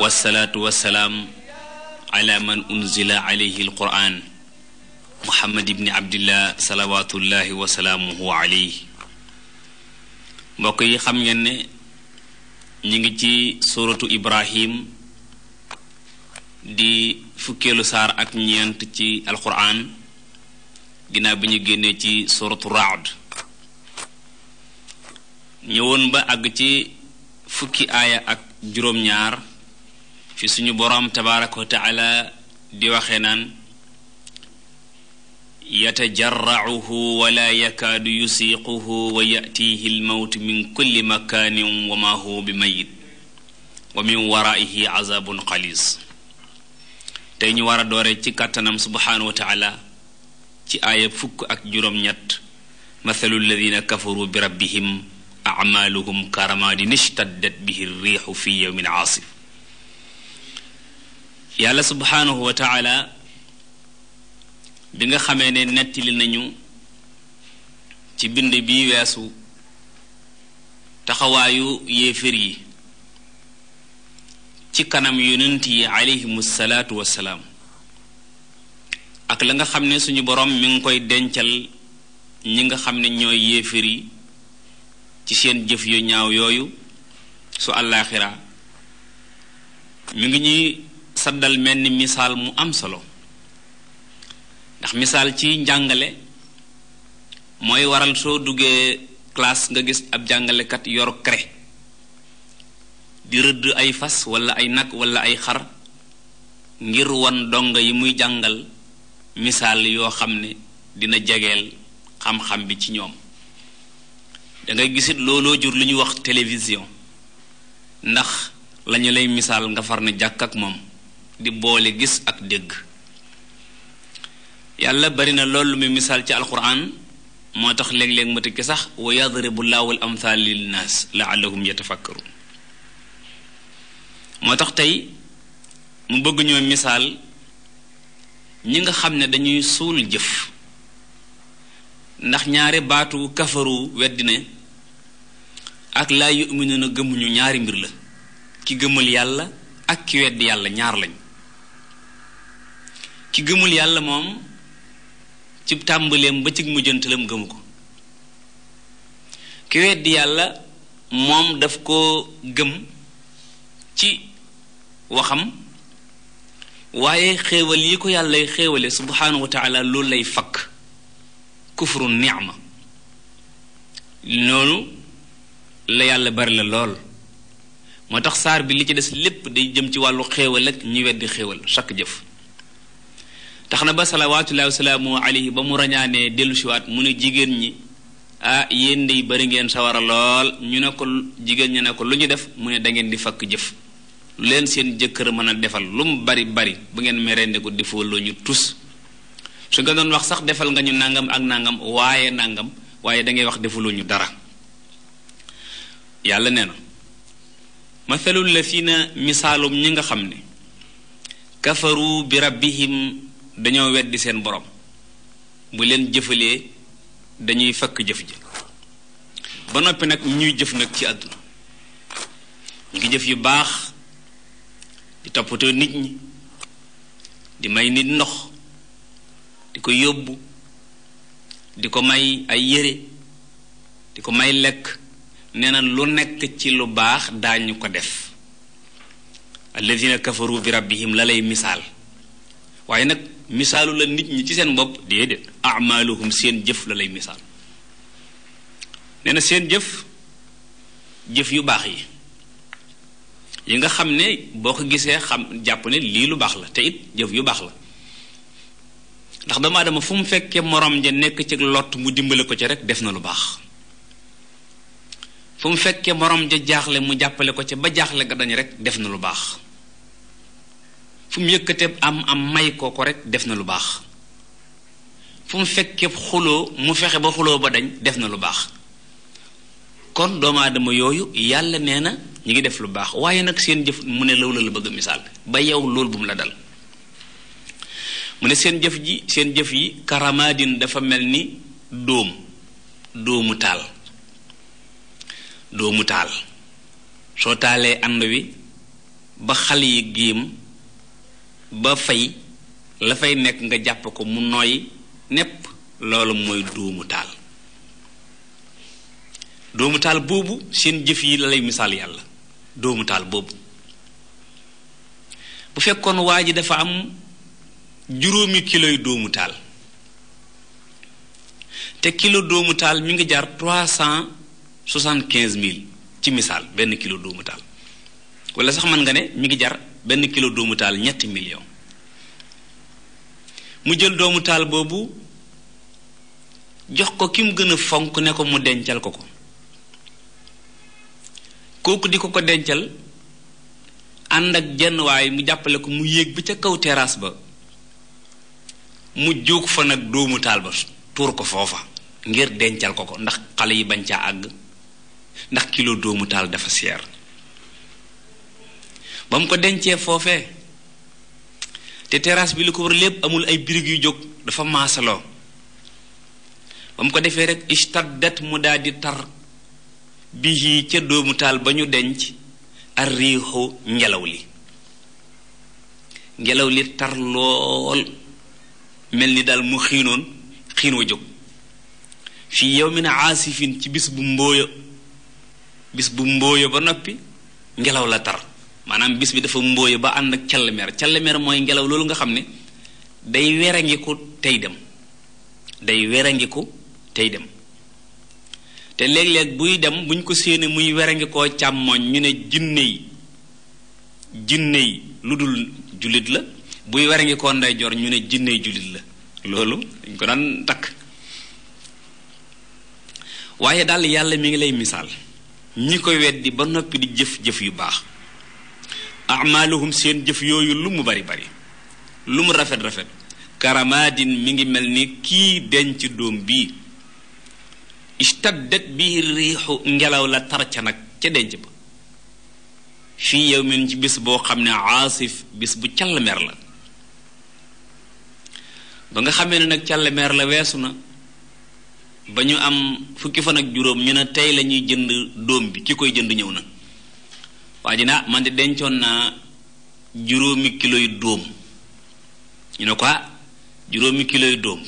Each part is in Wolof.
wasalaatu wasalaam ala man unzila alayhi alquran muhammad ibni abdillah salawatullahi wasalaamuhu alayhi mbokk yi xam ngeen ne ñu ngi ci suratu ibrahim di fukkeelu saar ak ñeent ci alquran ginnaaw bi ñu génnee ci suratu raad ñëwoon ba àgg ci fukki aaya ak juróom-ñaar fi suñu boroom tabaraka wa taala di waxe naan yatajarracuhu wala yakaadu yusiiquhu wa yatiihi almawtu min kulli makaanin wa huwa bi mayit wa waraihi azabun xalis tey ñu war a doore ci kàttanam subhaanahu wa taala ci aaya fukk ak juróom-ñett mathalu alladina kafaru bi rabbihim acmaaluhum karamaadin ishtaddat bihi riixu fi yowmin aasif yàlla subhaanahu wa taala bi nga xamee ne nettali nañu ci bind bi weesu taxawaayu yéefér yi ci kanam yonent yi aleyhimu ak la nga xam ne suñu borom mi ngi koy dencal ñi nga xam ne ñooy yéefér yi ci seen jëf yu ñaaw yooyu su àllaaxira mu ngi ñuy saddal mel ni misaal mu am solo ndax misaal ciy njàngale mooy waral soo duggee classe nga gis ab jàngalekat yor craie di rëdd ay fas walla ay nag walla ay xar ngir wan dongo yi muy jàngal misaal yoo xam ne dina jegeel xam-xam bi ci ñoom dangay gisit looloo jur lu ñuy wax télévision ndax lañu lay misaal nga far na jàkk ak moom di boole gis ak dégg yàlla bari na loolu muy misaal ci alquran moo tax léeg-léeg ma tëkki sax wa bu llahu al amthal lil naas laallahum moo tax tey mu bëgg ñoo misaal ñi nga xam ne dañuy suul jëf ndax ñaare baatu kafaru weddi ak laa yu'minuuna gëmuñu ñaari mbir la ki gëmul yàlla ak ki weddi yàlla ñaar lañ ki gëmul yàlla moom ci tàmbaleem ba ci mujjantalam gëmu ko ki weddi yàlla moom daf koo gëm ci waxam waaye xéewal yi ko yàllay xéewale subhaanahu loolu lay fakk kufru ni'ma loolu la yàlla bari la lool moo tax saar bi li ci des lépp day jëm ci wàllu xéewal ak ñi weddi xéewal chaque jëf tax na ba salawaatullahi wasalaamu alayhi ba mu rañaanee dellusiwaat siwaat mu ne jigéen ñi ah yéen day bari ngeen sawara lool ñu ne ko jigéen ñi ne ko lu ñu def mu ne da di fakk jëf lu leen seen jëkkër mën a defal lu mu bari bari bu ngeen merendeku defoo loo ñu tus su nga doon wax sax defal nga ñu nangam ak nangam waaye nangam waaye da wax defuloo ñu dara yàlla nee na ma mathalul ne misaalum ñi nga xam ne kafaru bi rabbihim dañoo weddi seen borom bu leen jëfalee dañuy fakk jëf ji ba noppi nag ñuy jëf nag ci àdduna ñu ngi jëf yu baax di toppatoo nit ñi di may nit ndox di ko yóbbu di ko may ay yére di ko may lekk nee na lu nekk ci lu baax daañu ko def alladina kafaru bi rabbihim la lay misaal waaye nag misaalu la nit ñi ci seen bopp déedéet amaaluhum seen jëf la lay misaal nee na seen jëf jëf yu baax yi yi nga xam ne boo ko gisee xam jàpp ne lii lu baax la te it jëf yu baax la ndax doomu aadama fu mu fekkee morom ja nekk ci lott mu dimbale ko ci rek def na lu baax fu mu fekkee morom ja jaaxle mu jàppale ko ci ba jaaxle ga dañ rek def na lu baax fu mu yëkkatee am am may kooko rek def na lu baax fu mu fekkee xuloo mu fexe ba xuloo ba dañ def na lu baax kon doomu aadama yooyu yàlla nee na ñu ngi def lu baax waaye nag seen jëf mu ne loolu la bëgg misaal ba yow loolu bu mu la dal mu ne seen jëf ji seen jëf yi karamaadin dafa mel ni dóom dóomu taal doo mu taal soo taalee ànd wi ba xal yi géem ba fay la fay nekk nga jàpp ko mu nooy nepp loolu mooy doomu taal doomu taal boobu seen jëf yi la lay misaal yàlla doomu taal boobu bu fekkoon waa ji dafa am juróomi kiloy doomu taal te kilo doomu taal mi ngi jar trois cent soixante quinze mille ci misaal benn kilo doomu taal wala sax man nga ne mu ngi jar benn kilo doomu taal ñetti million mu jël doomu taal boobu jox ko ki mu gën a fonk ne ko mu dencal ko ko kooku di ko ko dencal ànd ak jenn waay mu jàppale ko mu yéeg bi ca kaw teraas ba mu jóg fa nag doomu taal ba tuur ko foofa ngir dencal ko ko ndax xale yi bañ caa àgg ndax kilo doomu taal dafa seer ba mu ko dencee foofee te teraas bi lu ko war lépp amul ay birig yu jóg dafa maasaloo ba mu ko defee rekk rek det mu daal tar bi bihi ca doomu taal ba ñu denc ar riixu ngelaw li ngelaw li tar lool mel ni daal mu xiinoon xiin wa jóg fii yawmin aasifin ci bis bu mbooya bis bu mbooyo ba noppi ngelaw la tar maanaam bis bi dafa mbooyo ba ànd ak callemer callemer mooy ngelaw loolu nga xam ne day werangiku tey dem day werangiku tey dem te léeg-léeg buy dem buñ ko séenee muy werangikoo càmmooñ ñu ne jinne yi jinne yi lu dul jullit la buy werangikoo ndeyjoor ñu ne jinne yi jullit la loolu dañ ko daan takk waaye daal yàlla mi ngi lay misaal ñi ko weddi ba noppi di jëf-jëf yu baax amaaluhum seen jëf yooyu lu mu bari bari lu mu rafet-rafet karamaadin mi ngi mel ni kii denc doom bii istaddat bi riixu ngelaw la tarca nag ca denc ba fii yow min ci bis boo xam ne aasif bis bu càllmeer la ba nga xamee ne nag càllmeer la weesu na ba ñu am fukki fan ak juróom ñu ne tey la ñuy jënd doom bi ki koy jënd ñëw na waa ji na ah, man de dencoon naa juróomi kilo yu doom ñu ne ko ah, juróomi kilo yu doom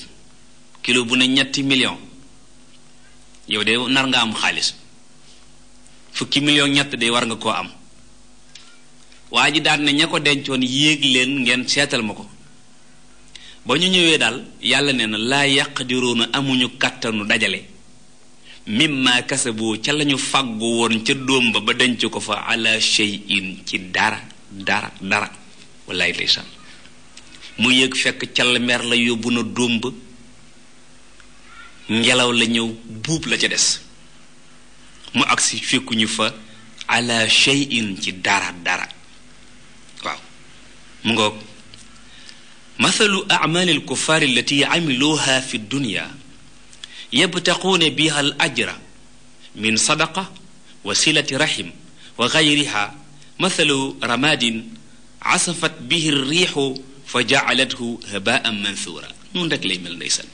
kilo bu ne ñetti million yow de nar nga am xaalis fukki million ñett de war nga koo am waa ji daan ne ña ko dencoon yéeg leen ngeen seetal ma ko ba ñu ñëwee daal yàlla nee na laa yaqdiruuna amuñu kàttanu dajale mimma kasabu ca lañu fàggu woon ca doom ba ba denc ko fa ala shay'in ci dara dara dara wallaay ndeysaan mu yëg fekk cal mer la yóbbu na dóom ba ngelaw la ñëw buub la ca des mu agsi fekkuñu fa ala in ci dara dara waaw mu ngoog mathalu acmaali alkufaar allati camiluuha fi dunya yabtaquuna biha al ajra min sadaqa wa silati rahim wa gayriha mathalu ramadin asafat bihi riixu fa jacalathu habaan manthura nun rek lay mel ndeysaan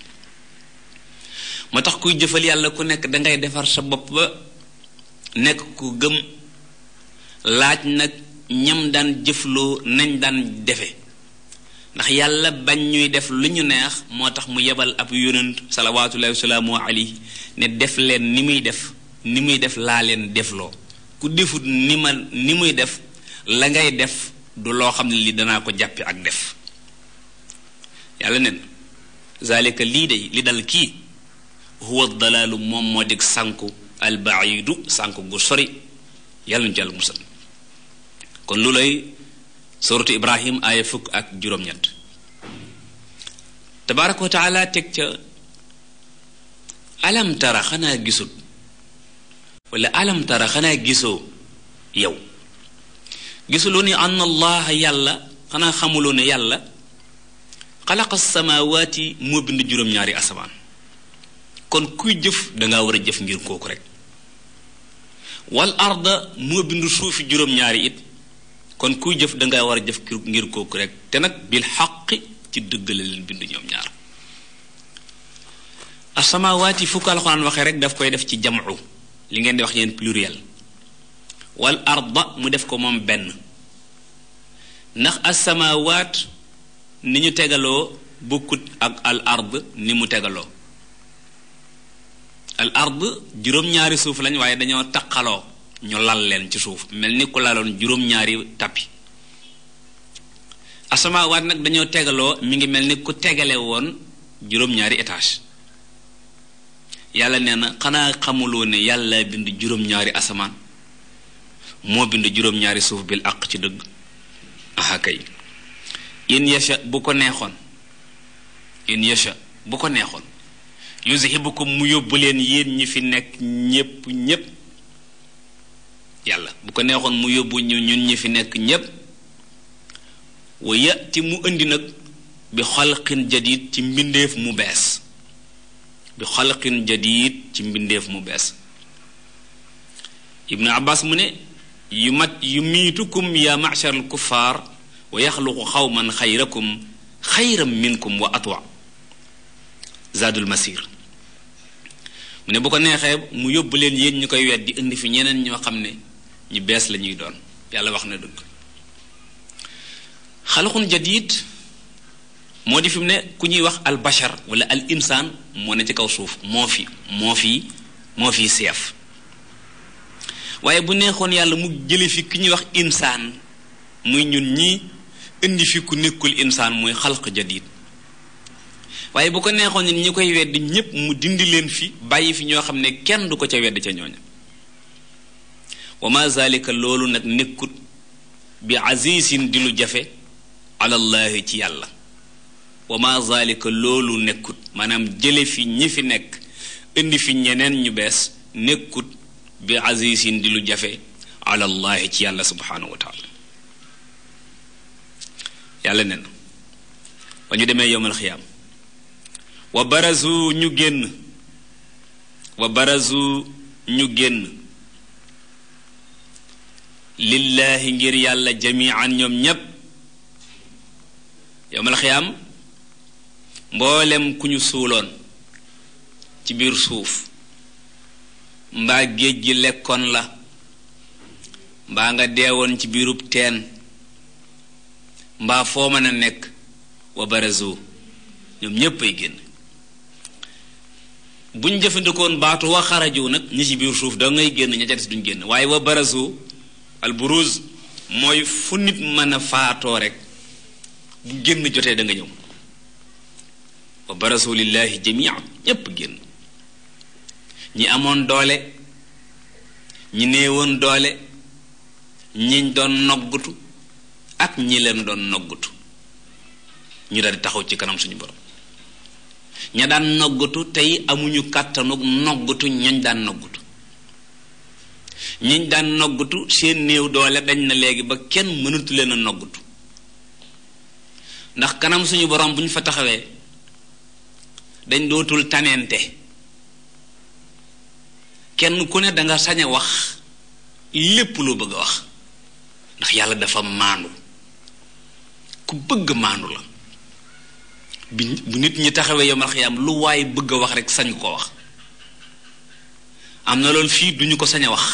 moo tax kuy jëfal yàlla ku nekk dangay defar sa bopp ba nekk ku gëm laaj nag ñam daan jëfloo nañ daan defe ndax yàlla bañ ñuy def lu ñu neex moo tax mu yebal ab yonent salawaatullahi wasalaamu ne def leen ni muy def ni muy def laa leen defloo ku defut ni ma ni muy def la ngay def du loo xam ne li danaa ko jàppi ak def yàlla nen zalika lii day li dal kii huwa dalaalu moom moo dig sànku albaidu sànku gu sori yàlla nu ci yàlla kon lu lay suratu ibrahim aaya fukk ak juróom-ñett tabaraka wa teg ca alam tara xanaa gisul wala alam xanaa gisoo yow gisuloo ni ann allaha yàlla xanaa xamuloo ne yàlla xalaqa samawaati moo bind juróom-ñaari asamaan kon kuy jëf danga war a jëf ngir kooku rek wal arda moo bind suufi juróom-ñaari it kon kuy jëf danga war a jëf ngir kooku rek te nag bil xaqi ci dëgg la leen bindu ñoom ñaar asamawaat yi fu ko alxuraan waxee rek daf koy def ci jamcu li ngeen di wax yeen pluriel wal arda mu def ko moom benn ndax asamawaat ni ñu tegaloo bokkut ak ni mu tegaloo al ard juróom suuf lañ waaye dañoo taqaloo ñu lal leen ci suuf mel ni ku laloon juróom-ñaari tappi asamaawaat nag dañoo tegaloo mi ngi mel ni ku tegale woon juróom-ñaari étage yàlla nee na xanaa xamuloo ne yàlla bind juróom-ñaari asamaan moo bind juróom-ñaari suuf bi àq ci dëgg aha kay in yasha bu ko neexoon in yasha bu ko neexoon yuzhibukum mu yóbbu leen yéen ñi fi nekk ñépp ñépp yàlla bu ko neexoon mu yóbbu ñu ñun ñu fi nekk ñépp wa yati mu indi nag bi xalqin jadid ci mbindeef mu bees bi xalqin ci mbindeef mu bees ibnu abbas mu ne yu mat yu miitukum yaa machar al kuffaar wa yaxluqu xawman xayrakum xayram minkum wa atwa zaadul masir mu ne bu ko neexee mu yóbbu leen yéen ñu koy weddi indi fi ñeneen ñoo xam ne ñu bees la ñuy doon yàlla wax na dëgg xalaqun jadid moo di fi ne ku ñuy wax al bashar wala al insaan moo ne ci kaw suuf moo fi moo fi moo fi seef waaye bu neexoon yàlla mu jële fi ki ñuy wax insaan muy ñun ñi indi fi ku nekkul insaan muy xalq jadid waaye bu ko neexoon ñi koy wedd ñépp mu dindi leen fi bàyyi fi ñoo xam ne kenn du ko ca wedd ca ñooña wa ma loolu nag nekkut bi azisin di lu jafe alallahi ci yàlla wa ma loolu nekkut maanaam jële fi ñi fi nekk indi fi ñeneen ñu bees nekkut bi azisin di lu jafe alallahi ci yàlla subhanahu wa yàlla ne na ñu demee yowmal xiyaam wa barazu ñu génn wa barazu ñu génn lillaahi ngir yàlla jamian ñoom ñépp yowmal am mboolem ku ñu suuloon ci biir suuf mbaa géej gi lekkoon la mbaa nga deewoon ci biirub teen mbaa foo mën a nekk wa barazu ñoom ñépp ay génn buñ jëfandikoon baatu wa xaraju nag ñi ci biir suuf da ngay génn ña ca des duñ génn waaye wa barazu alburuz mooy fu nit mën a faatoo rek bu génn jotee danga nga ñëw wa barasu lillahi jamia ñépp génn ñi amoon doole ñi néewoon doole ñiñ doon noggutu ak ñi leen doon noggutu ñu daal taxaw ci kanam suñu borom ña daan noggutu tey amuñu kàttanu noggutu ñañ daan noggutu ñiñ daan noggutu seen néew doole dañ na léegi ba kenn mënatu leen a noggutu ndax kanam suñu borom bu ñu fa taxawee dañ dootul tanente kenn ku ne danga saña a wax lépp loo bëgg a wax ndax yàlla dafa maandu ku bëgg maandu la bi bu nit ñi taxawee yomal xiyaam lu waaye bëgg a wax rek sañ ko wax am na loolu fii duñu ko sañ a wax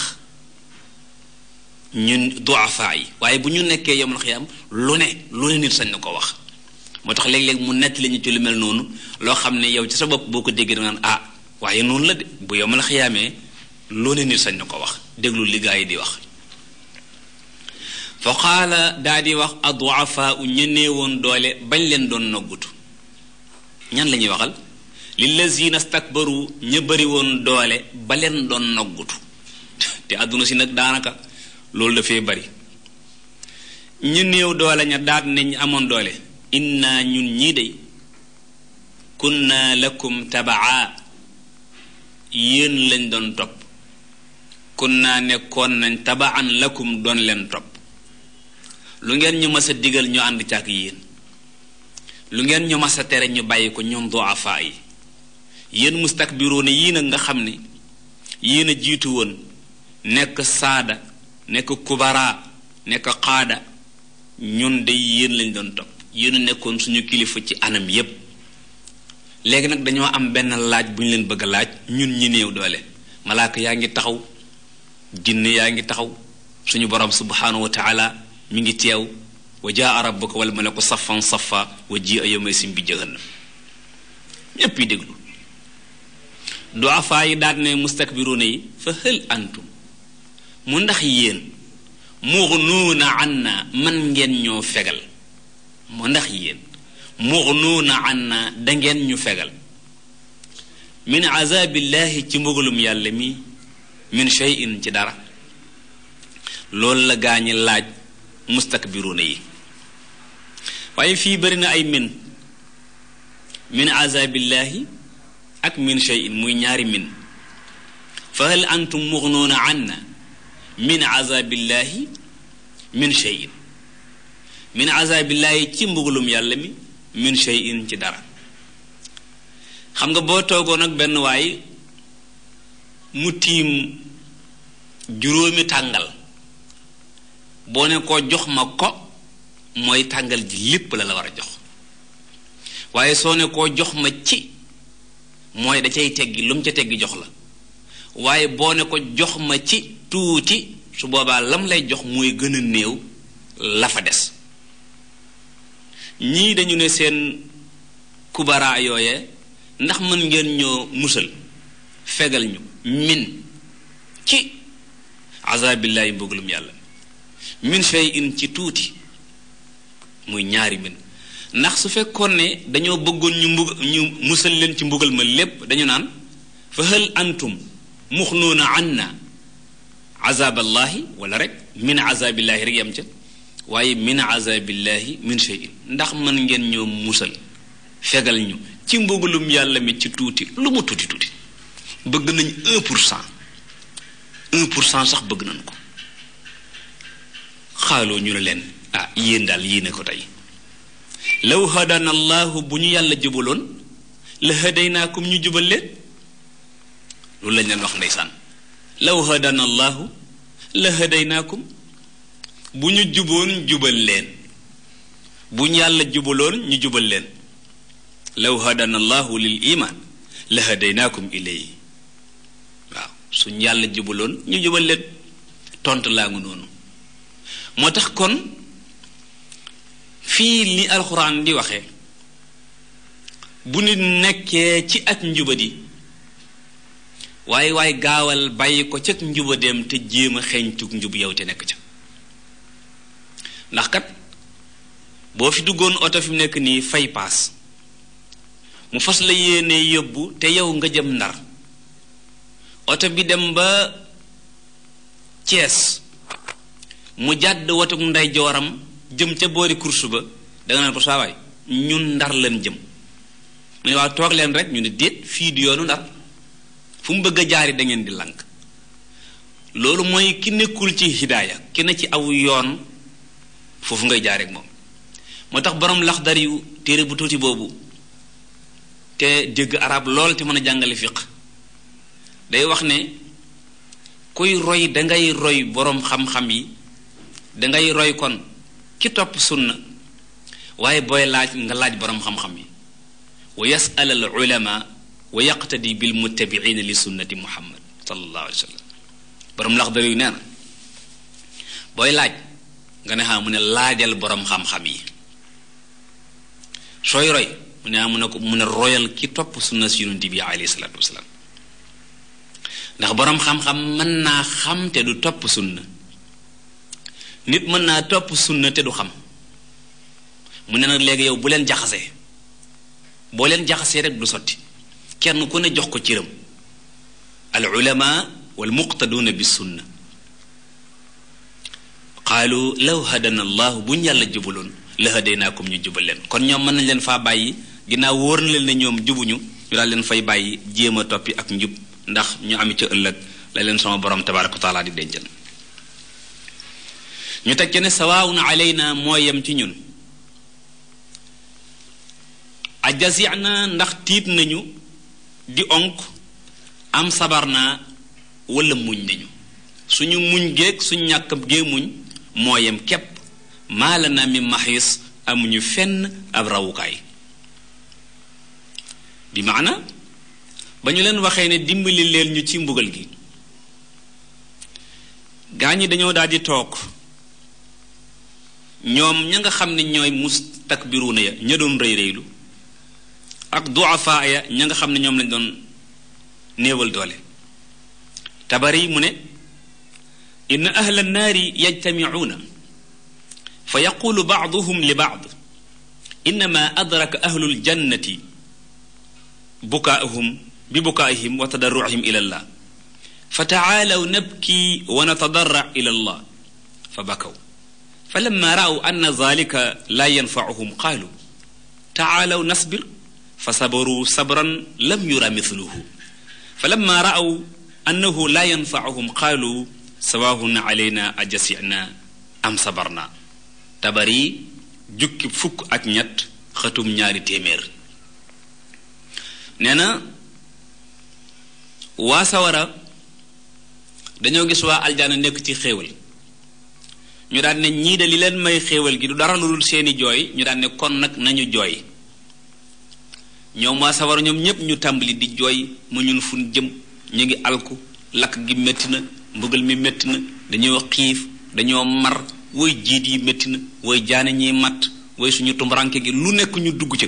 ñun duafaa yi waaye bu ñu nekkee yomul xiyam lu ne lu ne nit sañ na ko wax moo tax léeg-léeg mu nett lañu ñu ci lu mel noonu loo xam ne yow ci sa bopp boo ko déggee da nga naan ah waaye noonu la de bu yomul xiyaamee lu ne nit sañ na ko wax déglu li di wax fa qaala di wax aduafaa u ñenee woon doole bañ leen doon noggutu ñan la ñuy waxal lillazina stakbaru ña bëri woon doole ba leen doon noggutu te àdduna si nag daanaka loolu dafee bari ñu néew doole ña daat ne ñu amoon doole naa ñun ñii dey kunna lakum tabaa yéen lañ doon topp naa nekkoon nañ tabaan lakum doon leen topp lu ngeen ñu mas digal ñu ànd càkk yéen lu ngeen ñu mas a tere ñu bàyyi ko ñoom duafaa yi yéen mustakbiroona yii nag nga xam ni yéen a jiitu woon nekk saada nekk kubara nekk xaada ñun de yéen lañ doon topp yéen nekkoon suñu kilifa ci anam yépp léegi nag dañoo am benn laaj bu ñu leen bëgg a laaj ñun ñi néew doole malaaka yaa ngi taxaw jinne yaa ngi taxaw suñu borom subhanahu wa taala mi ngi teew wa jaa rabbuka wal malaku safan safa wa ji a yawma isin bi jahannam ñépp yi déglu duafaa yi daat ne mustakbiruuna yi fa hël antum mu ndax yéen muxnuuna an na man ngeen ñoo fegal mu ndax yéen muxnuuna an na dangeen ñu fegal min azabillaahi ci mbugalum yàlla mi min shay'in ci dara loolu la gaa ñi laaj mustakbiruuna yi waaye fii bari ay min min azabillaahi ak min shay'in muy ñaari min fa hal antum mughnuuna anna min azabillahi min shay'in min azabillahi ci mbugulum yàlla mi min shay'in ci dara xam nga boo toogoon ak benn waay mu tiim juróomi tàngal boo ne ko jox ma ko mooy tàngal ji lépp la la war a jox waaye soo ne koo jox ma ci mooy da cay teggi lu mu ca teggi jox la waaye boo ne ko jox ma ci tuuti su boobaa lam lay jox muy gën a néew la fa des ñii dañu ne seen kubara yooye ndax mën ngeen ñoo musal fegal ñu min ci azabillahi mbëggalum yàlla min shay in ci tuuti muy ñaari min ndax su fekkoon ne dañoo bëggoon ñu mbug ñu musal leen ci mbugal ma lépp dañu naan fa hal antum muxnuuna anna azaballahi wala rek min azabillahi rek yam ca waaye min azabillahi min shay'in ndax mën ngeen ñoo musal fegal ñu ci mbugalum yàlla mi ci tuuti lu mu tuuti tuuti bëgg nañ un pour cent un pour cent sax bëgg nañ ko xaaloo ñu ne leen ah yéen daal yéene ko tey law hadana allahu bu ñu yàlla jubaloon la hadaynaakum ñu jubal leen loolu lañ leen wax ndeysaan law hadana allahu la hadaynaakum bu ñu juboon jubal leen bu ñu yàlla jubaloon ñu jubal leen law hadana allahu lil iman la hadaynaakum ilayhi waaw suñ yàlla jubaloon ñu jubal leen tont laa ngi noonu moo tax kon fii li alxuraan di waxe bu nit nekkee ci ak njuba di waaye waay gaawal bàyyi ko ca njuba dem te jéema a xeeñtug njub yow te nekk ca ndax kat boo fi duggoon oto fi nekk nii fay paas mu fas la yéene yóbbu te yow nga jëm ndar oto bi dem ba Cees mu jàdd watuk ndeyjooram jëm ca boori course ba da nga naan ko ñun ndar leen jëm mu ne waaw toog leen rek ñu ne déet fii di yoonu ndar fu mu bëgg a jaari dangeen di lank loolu mooy ki nekkul ci hidaaya ki ne ci aw yoon foofu ngay jaar ak moom moo tax borom dar yu téere bu tuuti boobu te dégg arab lool te mën a jàngale fiq day wax ne kuy roy dangay roy boroom xam-xam yi dangay roy kon ki topp sunna waaye booy laaj nga laaj boroom xam-xam yi wa yasal al ulama wa yaqtadi bil muttabiina li sunnati muhammad sallallahu alayhi wa sallam boroom laxdar yu nee booy laaj nga ne xam mu laajal boroom xam-xam yi sooy roy mu ne mun ne ko mu ne royal ki topp sunna si yonent bi alayhi salaatu wasalaam ndax boroom xam-xam mën naa xam te du topp sunna nit mën naa topp sunna te du xam mu ne nag léegi yow bu leen jaxasee boo leen jaxasee rek du sotti kenn ku ne jox ko cëram al ulama wal muqtaduuna bi sunna qaalu law hadana allahu buñ yàlla jubaloon la hadaynaakum ñu jubal leen kon ñoom mën nañ leen faa bàyyi ginnaaw wóor na leen ne ñoom jubuñu ñu daal leen fay bàyyi jéem a toppi ak njub ndax ñu am ca ëllëg la leen sama borom tabaaraka wa taala di dencal ñu teg ci ne sawaawun alayna moo yem ci ñun ajasiix na ndax tiit nañu di onk am sabar naa wala muñ nañu suñu muñ géeg suñu ñàkkam gee muñ moo képp maala na mi maxis amuñu fenn ab rawukaay bi maana ba ñu leen waxee ne dimbali leen ñu ci mbugal gi gaa ñi dañoo daal toog ñoom ña nga xam ne ñooy mustakbiruuna ya ña doon rëy rëylu ak duafaa ya ña nga xam ne ñoom lañ doon néewal doole tabari mu ne in ahla nnaari yajtamicuuna fa yaqulu bacduhum li bacd innama adraka ahlu ljannati bukaa'uhum bi bukaa'ihim wa tadarrucihim ila allah fa tacaalaw nabki wa natadarac ila allah fa bakaw fa lamma raaw anna zalika laa yanfacuhum qaalu tacaalaw nasbir fa sabaruu sabran lam yura mithluhu fa lamma raaw annahu laa yanfacuhum qaalu sawaahun alayna ajasina am sabarna tabari jukki fukk ak ñett xëtum ñaari téeméer nee waa sawara dañoo gis waa aljana nekk ci xéewal ñu daan ne ñii de li leen may xéewal gi du dara lu dul seeni jooy ñu daan ne kon nag nañu jooy ñoom waa sawar ñoom ñépp ñu tàmbali di jooy mu ñun fun jëm ñu ngi alku lakk gi métti na mbugal mi métti na dañoo xiif dañoo mar woy jiit yi métti na woy jaane ñiy matt woy suñu tumbaranke gi lu nekk ñu dugg ca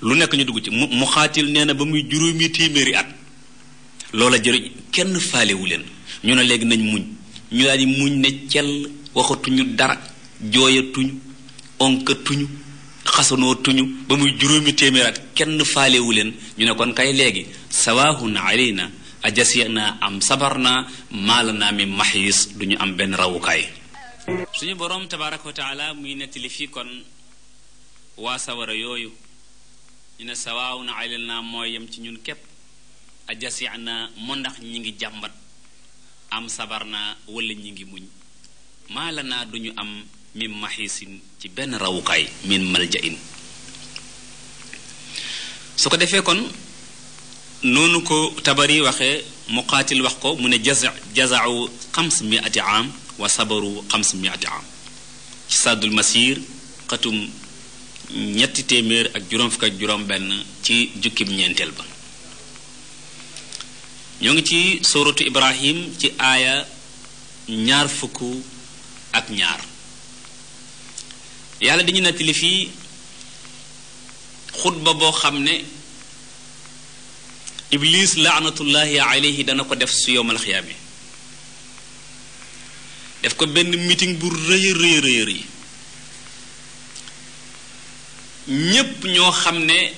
lu nekk ñu dugg ci mu mu xaatil nee na ba muy juróomi téeméeri at loola jëriñ kenn faalewu leen ñu ne léegi nañ muñ ñu daal di muñ ne cell waxatuñu dara jooyatuñu onkatuñu xasanoo tuñu ba muy juróomi téeméer ak kenn faalewu leen ñu ne kon kay léegi sawaahun alayna ajasina am sabarna maalana mi maxis duñu am benn rawukaay suñu boroom tabaraka wa taala muy nettali fii kon waa sawara yooyu ñu ne sawaahun alayna mooy yem ci ñun képp ajasina mu ndax ñi ngi jàmbat am sabarna wala ñi ngi muñ maa la naa duñu am min maxiisin ci benn rawukaay min malja su ko defee kon noonu ko tabari waxee muqaatil wax ko mu ne jaza jazau xams miati am wa sabaru xams miati am ci saddul masir xatum ñetti téeméer ak juróom fukk juróom benn ci jukkim ñeenteel ba ñoo ngi ci suratu ibrahim ci aaya ñaar fukk ak ñaar yàlla dañu nettali fii xutba boo xam ne iblis laanatullahi alayhi dana ko def su yowmal xiyaame def ko benn mitin bu rëy rëy rëy rëy ñépp ñoo xam ne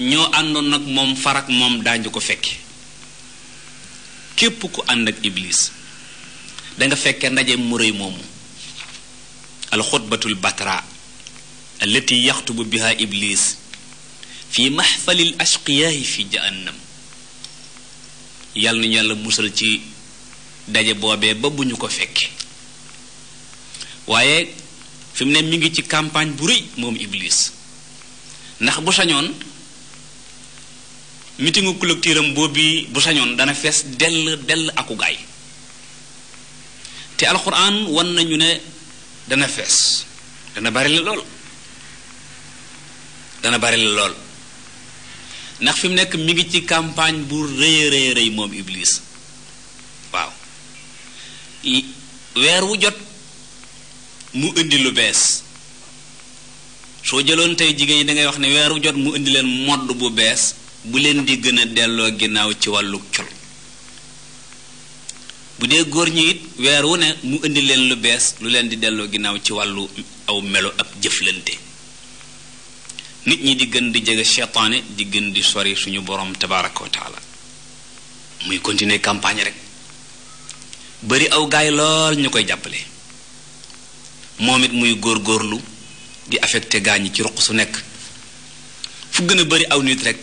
ñoo àndoon nag moom farak moom daañu ko fekke képp ku ànd ak iblis danga fekke ndaje mu rëy moomu alxutbatul batra allati yaxtubu biha iblis fi maxfalil ashqiyaayi fi jahannam yàlla nañu yàlla musal ci daje boobee ba bu ñu ko fekke waaye fi ne mi ngi ci campagne bu rëy moom iblis ndax bu sañoon mitingu culture am boobu bu sañoon dana fees dell dell aku te alquran wan nañu ne dana fees dana bari la lool dana bari la lool ndax fi mu nekk mi ngi ci campagne bu rëy rëy rëy moom Iblis waaw weer wu jot mu indi lu bees soo jëloon tey jigéen yi dangay wax ne weer wu jot mu indi leen modd bu bees bu leen di gën a delloo ginnaaw ci wàllu col bu dee góor ñi it weer wu ne mu indi leen lu bees lu leen di delloo ginnaaw ci wàllu aw melo ak jëflante nit ñi di gën di jege seytaane di gën di sori suñu borom tabaraka wa muy continuer campagne rek bari aw gaay lool ñu koy jàppale moom it muy góor góorlu di affecté gaa ñi ci ruq su nekk fu gën a bari aw nit rek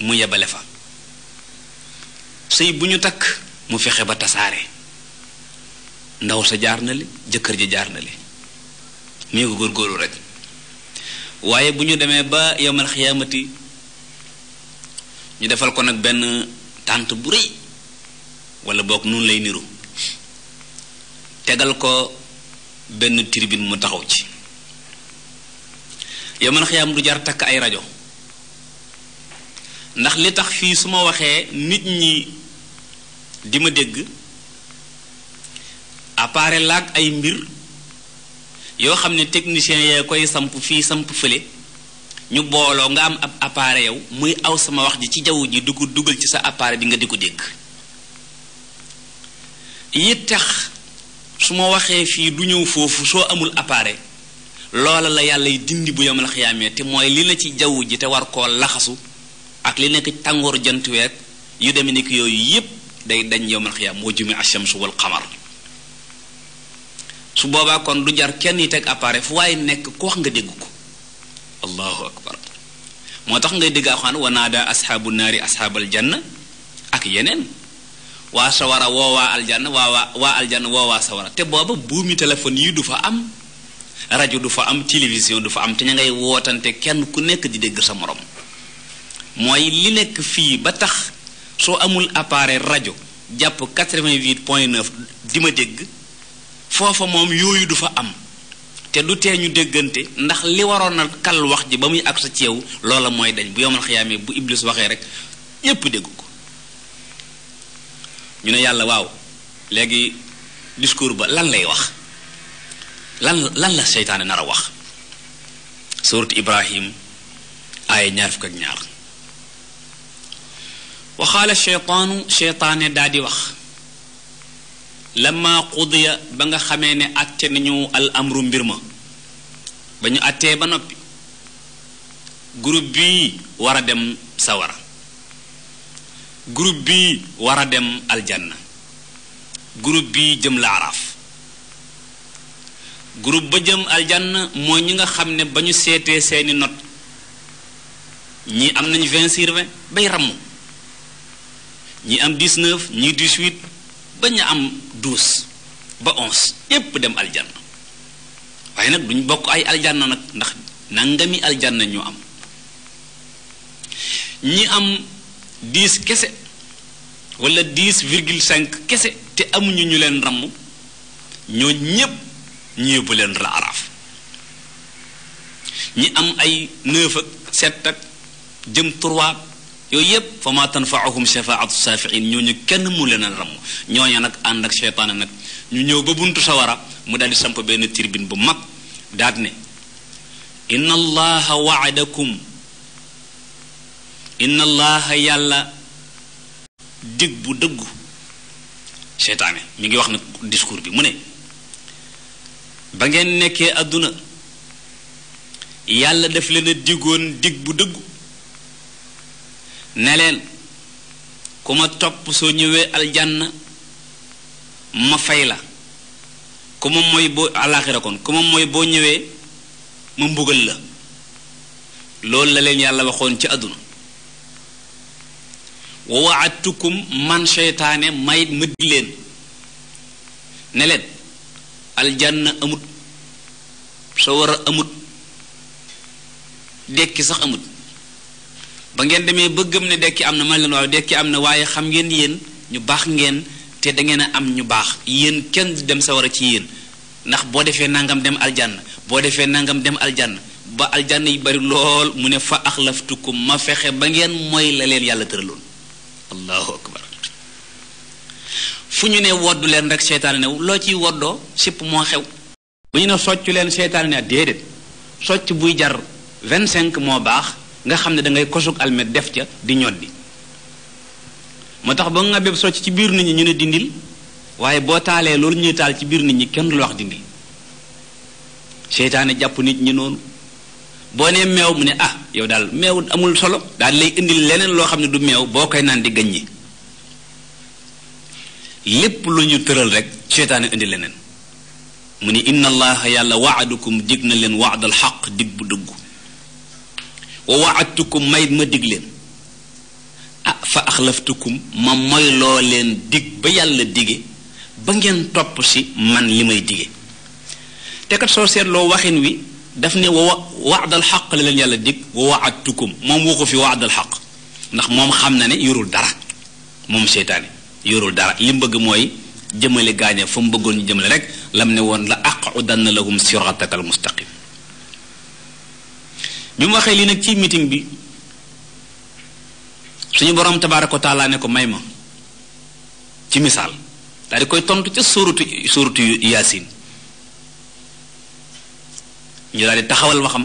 mu yebale fa sëy bu ñu takk mu fexe ba tasaare ndaw sa jaar na li jëkkër ji jaar na li mu ngi góorgóorlu rek waaye bu ñu demee ba yowmal xiyaamati ñu defal ko nag benn tànt bu rëy wala boog noonu lay niru tegal ko benn tribune mu taxaw ci yow xiyaam du jar takk ay rajo ndax li tax fii su ma waxee nit ñi di ma dégg appareil laag ay mbir yoo xam ne technicien yee koy samp fii samp fële ñu booloo nga am ab appareil yow muy aw sama wax ji ci jaww ji du ko dugal ci sa appareil bi nga di ko dégg yi tax su ma waxee fii du ñëw foofu soo amul appareil loola la yàlla yi dindi bu yom la xiyaamee te mooy li la ci jawwu ji te war koo laxasu ak li nekk tàngoor jant weer yu demee nekk yooyu yépp day dañ yom la xiyaam moo jumi ashamsu wal qamar su boobaa kon du jar kenn yi teg appareil fu waaye nekk ku wax nga dégg ko allahu akbar moo tax ngay dégg axaan wanaada asxaabu naari asxaabal janna ak yeneen waa a woowaa aljanna waawaa waa aljanna woowaa sawara te booba buumi téléphone yi du fa am rajo du fa am télévision du fa am te ña ngay wootante kenn ku nekk di dégg sa morom mooy li nekk fii ba tax soo amul appareil rajo jàpp 88 point 9 di ma dégg foofa moom yooyu du fa am te du tee ñu déggante ndax li waroon na kal wax ji ba muy ak sa ceew loola mooy dañ bu yomal xiyaamee bu iblis waxee rek ñépp dégg ko ñu ne yàlla waaw léegi discours ba lan lay wax lan lan la seytaane nar a wax suurat ibrahim aaya ñaar fukk ak ñaar waxaale seytaanu seytaane daa di wax lamma qudiya ba nga xamee ne àtte nañu al amru mbir ma ba ñu àttee ba noppi groupe bii war dem sawara groupe bii war a dem aljana groupe bii jëm laaraaf groupe ba jëm aljanna mooy ñi nga xam ne ba ñu seetee seeni not ñii am nañ vingt sur vingt bay ramm ñi am dix-neuf ñii ba ñu am douze ba onze yépp dem aljanna waaye nag duñ bokk ay aljanna nag ndax nangami aljanna ñu am ñi am diis kese wala diis virgule cinq kese te amuñu ñu leen ramm ñooñ ñépp ñu yóbbu leen la araaf ñi am ay neuf ak sept ak jëm trois yooyu yëpp fa ma tanfaahum shafaatu saafiin ñooñu kenn mu leen ram ramm nag ànd ak seytaane nag ñu ñëw ba buntu sawara mu daal di samp benn tirbin bu mag daat ne inna allaha waadakum inna allaha yàlla dig bu dëggu seytaane mu ngi wax nag discours bi mu ne ba ngeen nekkee àdduna yàlla daf leen a digg bu dëggu neleen ku ma topp soo ñëwee aljanna ma fay la ku ma mooy boo àllaaxira kon ku ma mooy boo ñëwee ma mbugal la loolu la leen yàlla waxoon ci àdduna wa tukkum man seytaane may ma dig leen ne leen aljanna amut sawara amut dekki sax amut ba ngeen demee ba gëm ne dekki am na man leen waaw dekki am na waaye xam ngeen yéen ñu baax ngeen te dangeen a am ñu baax yéen kenn dem sawara ci yéen ndax boo defee nangam dem aljanna boo defee nangam dem aljanna ba aljanna yi bari lool mu ne fa axlaftukum ma fexe ba ngeen mooy la leen yàlla tëraloon allahu akbar fu ñu ne woddu leen rek seytaane ne loo ciy woddoo sipp moo xew bu ñu ne soccu leen seytaane ne déedéet socc buy jar vingt-cinq moo baax nga xam ne dangay ngay kosug almet def ca di ñoddi moo tax ba nga béb socc ci biir nit ñi ñu ne dindil waaye boo taalee loolu ñuy taal ci biir nit ñi kenn du la wax dindil seytaane jàpp nit ñi noonu boo ne meew mu ne ah yow daal meew amul solo daal lay indil leneen loo xam ne du meew boo koy naan di gaññi lépp lu ñu tëral rek seytaane indi leneen mu ne inna allaha yàlla waadukum dig na leen waadal xaq dig bu dugg wa tukkum mayit ma dig leen ah fa axlaftukum ma moyloo leen dig ba yàlla dige ba ngeen topp si man li may dige te soo seet loo waxin wi daf ne wa waadal xaq la leen yàlla dig wa tukkum moom ko fi waadal xaq ndax moom xam na ne yorul dara moom seytaane yorul dara li mu bëgg mooy jëmale gaaña fa mu bëggoon ñu jëmale rek lam ne woon la na aqudanna lahum siratakal mustaqim bi mu waxee lii nag ci meeting bi suñu borom tabaaraka wa taala ne ko may ma ci misaal daal koy tontu ca suuratu suuratu yaasin ñu daal taxawal waxam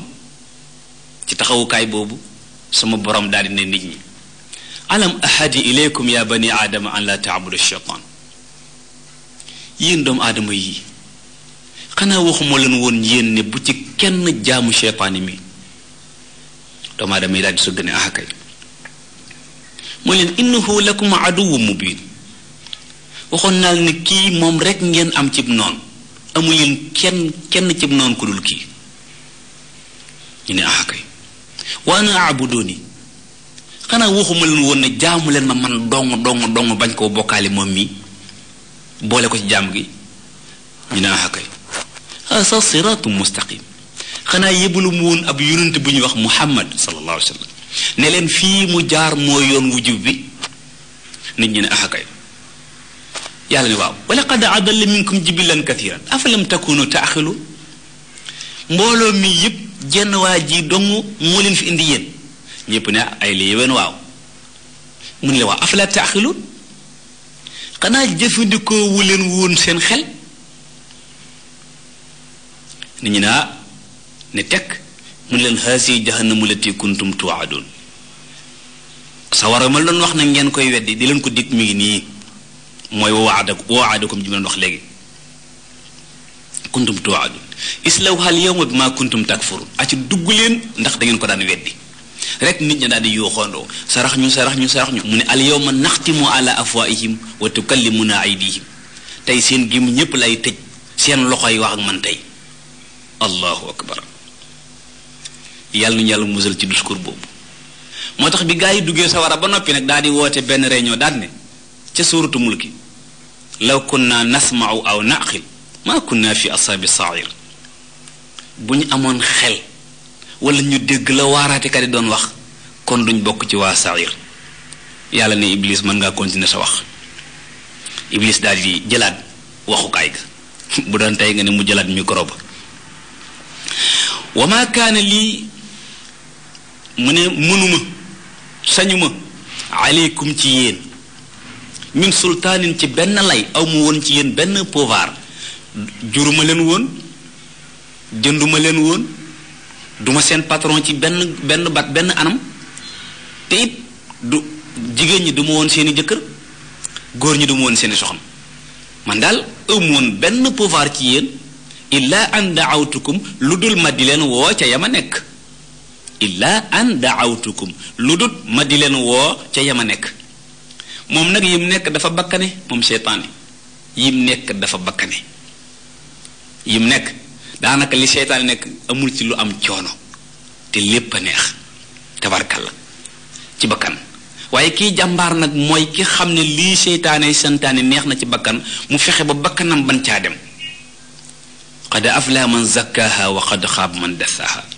ci taxawukaay boobu sama borom daal di ne nit ñi alam ahadi ilaykum ya bani aadama an la taabudu shaytaan yéen doomu aadama yi xanaa waxuma leen woon yéen bu ci kenn jaamu shaytaani mi doomu aadama yi daal di sëgg ne ah kay mooy leen innahu lakum aduwwu mubin waxoon naa ne kii moom rekk ngeen am cib noonu amu kenn kenn cib noonu ku dul kii ñu ne ah kay wa ana abuduni xanaa waxuma woon ne jaamu leen ma man dong dong dong bañ koo bokkaale moom mi boole ko ci jaam gi ñu ne ah kay sa siraatu mustaqim xanaa yëbalu mu woon ab yonent bu ñuy wax mu sallallahu alayhi wa sallam ne leen fii mu jaar moo yoon wu jub bi nit ñi ne axakay yàlla ne waaw wala qad adalla minkum jibilan kathiran afalam takunu taaxilu mbooloo mi yëpp jenn waa ji dong moo leen fi indi yéen ñëpp ne ay li yéwén waaw mu ne la waaw afala taaxilu xanaa jëfandikoowu wu leen woon seen xel nit ñi naa ne tekk mu ne leen haasi jahannamu lati kuntum tuwaadun sawara ma doon wax na ngeen koy weddi di leen ko dig mu ngi nii mooy wa waada wa waadakum ji ma wax léegi kuntum tuwaadun islawhaa al-yawma bimaa kuntum takfurun aci dugg leen ndax da ngeen ko daan weddi rek nit ña daal di yooxoondoo sarax ñu sarax ñu sarax ñu mu ne al yawma naxtimu ala afwaihim wa tukallimuna aydihim tey seen gémm ñépp lay tëj seen loxo yi wax ak man tey allahu akbar yàlla ñu yàlla musal ci discours boobu moo tax bi gaa yi duggee sa sawara ba noppi nag daal di woote benn réunion daal ne ca suuratu mulki law kunna nasma'u aw naqil maa kunna fi asaabi sair bu ñu amoon xel wala ñu dégg la waaraatekat yi doon wax kon duñ bokk ci waa sair yàlla ne iblis mën ngaa continuer sa wax iblis daal di jëlaat waxukaay ga bu doon tey nga ne mu jëlaat micro ba lii mu ne mënuma sañuma aleykum ci yéen min sultaanin ci benn lay awma woon ci yéen benn pouvoir juruma leen woon jënduma leen woon duma seen patron ci benn benn bat benn anam te du jigéen ñi duma woon seeni jëkkër góor ñi duma woon seeni soxna man daal amu benn pouvoir ci yéen illa an daawtukum lu dul ma di leen woo ca yama nekk illaa an daawtukum lu dut ma di leen woo ca yama nekk moom nag yim nekk dafa bakkane moom seytaane yim nekk dafa bakkane yim nekk daanaka li seytaane nekk amul ci lu am coono te lépp a neex tabarkalla ci bakkan waaye kii jàmbaar nag mooy ki xam ne lii seytaane santaane neex na ci bakkan mu fexe ba bakkanam ban caa dem qad aflaha man zakkaha wa qad xaab man dassaha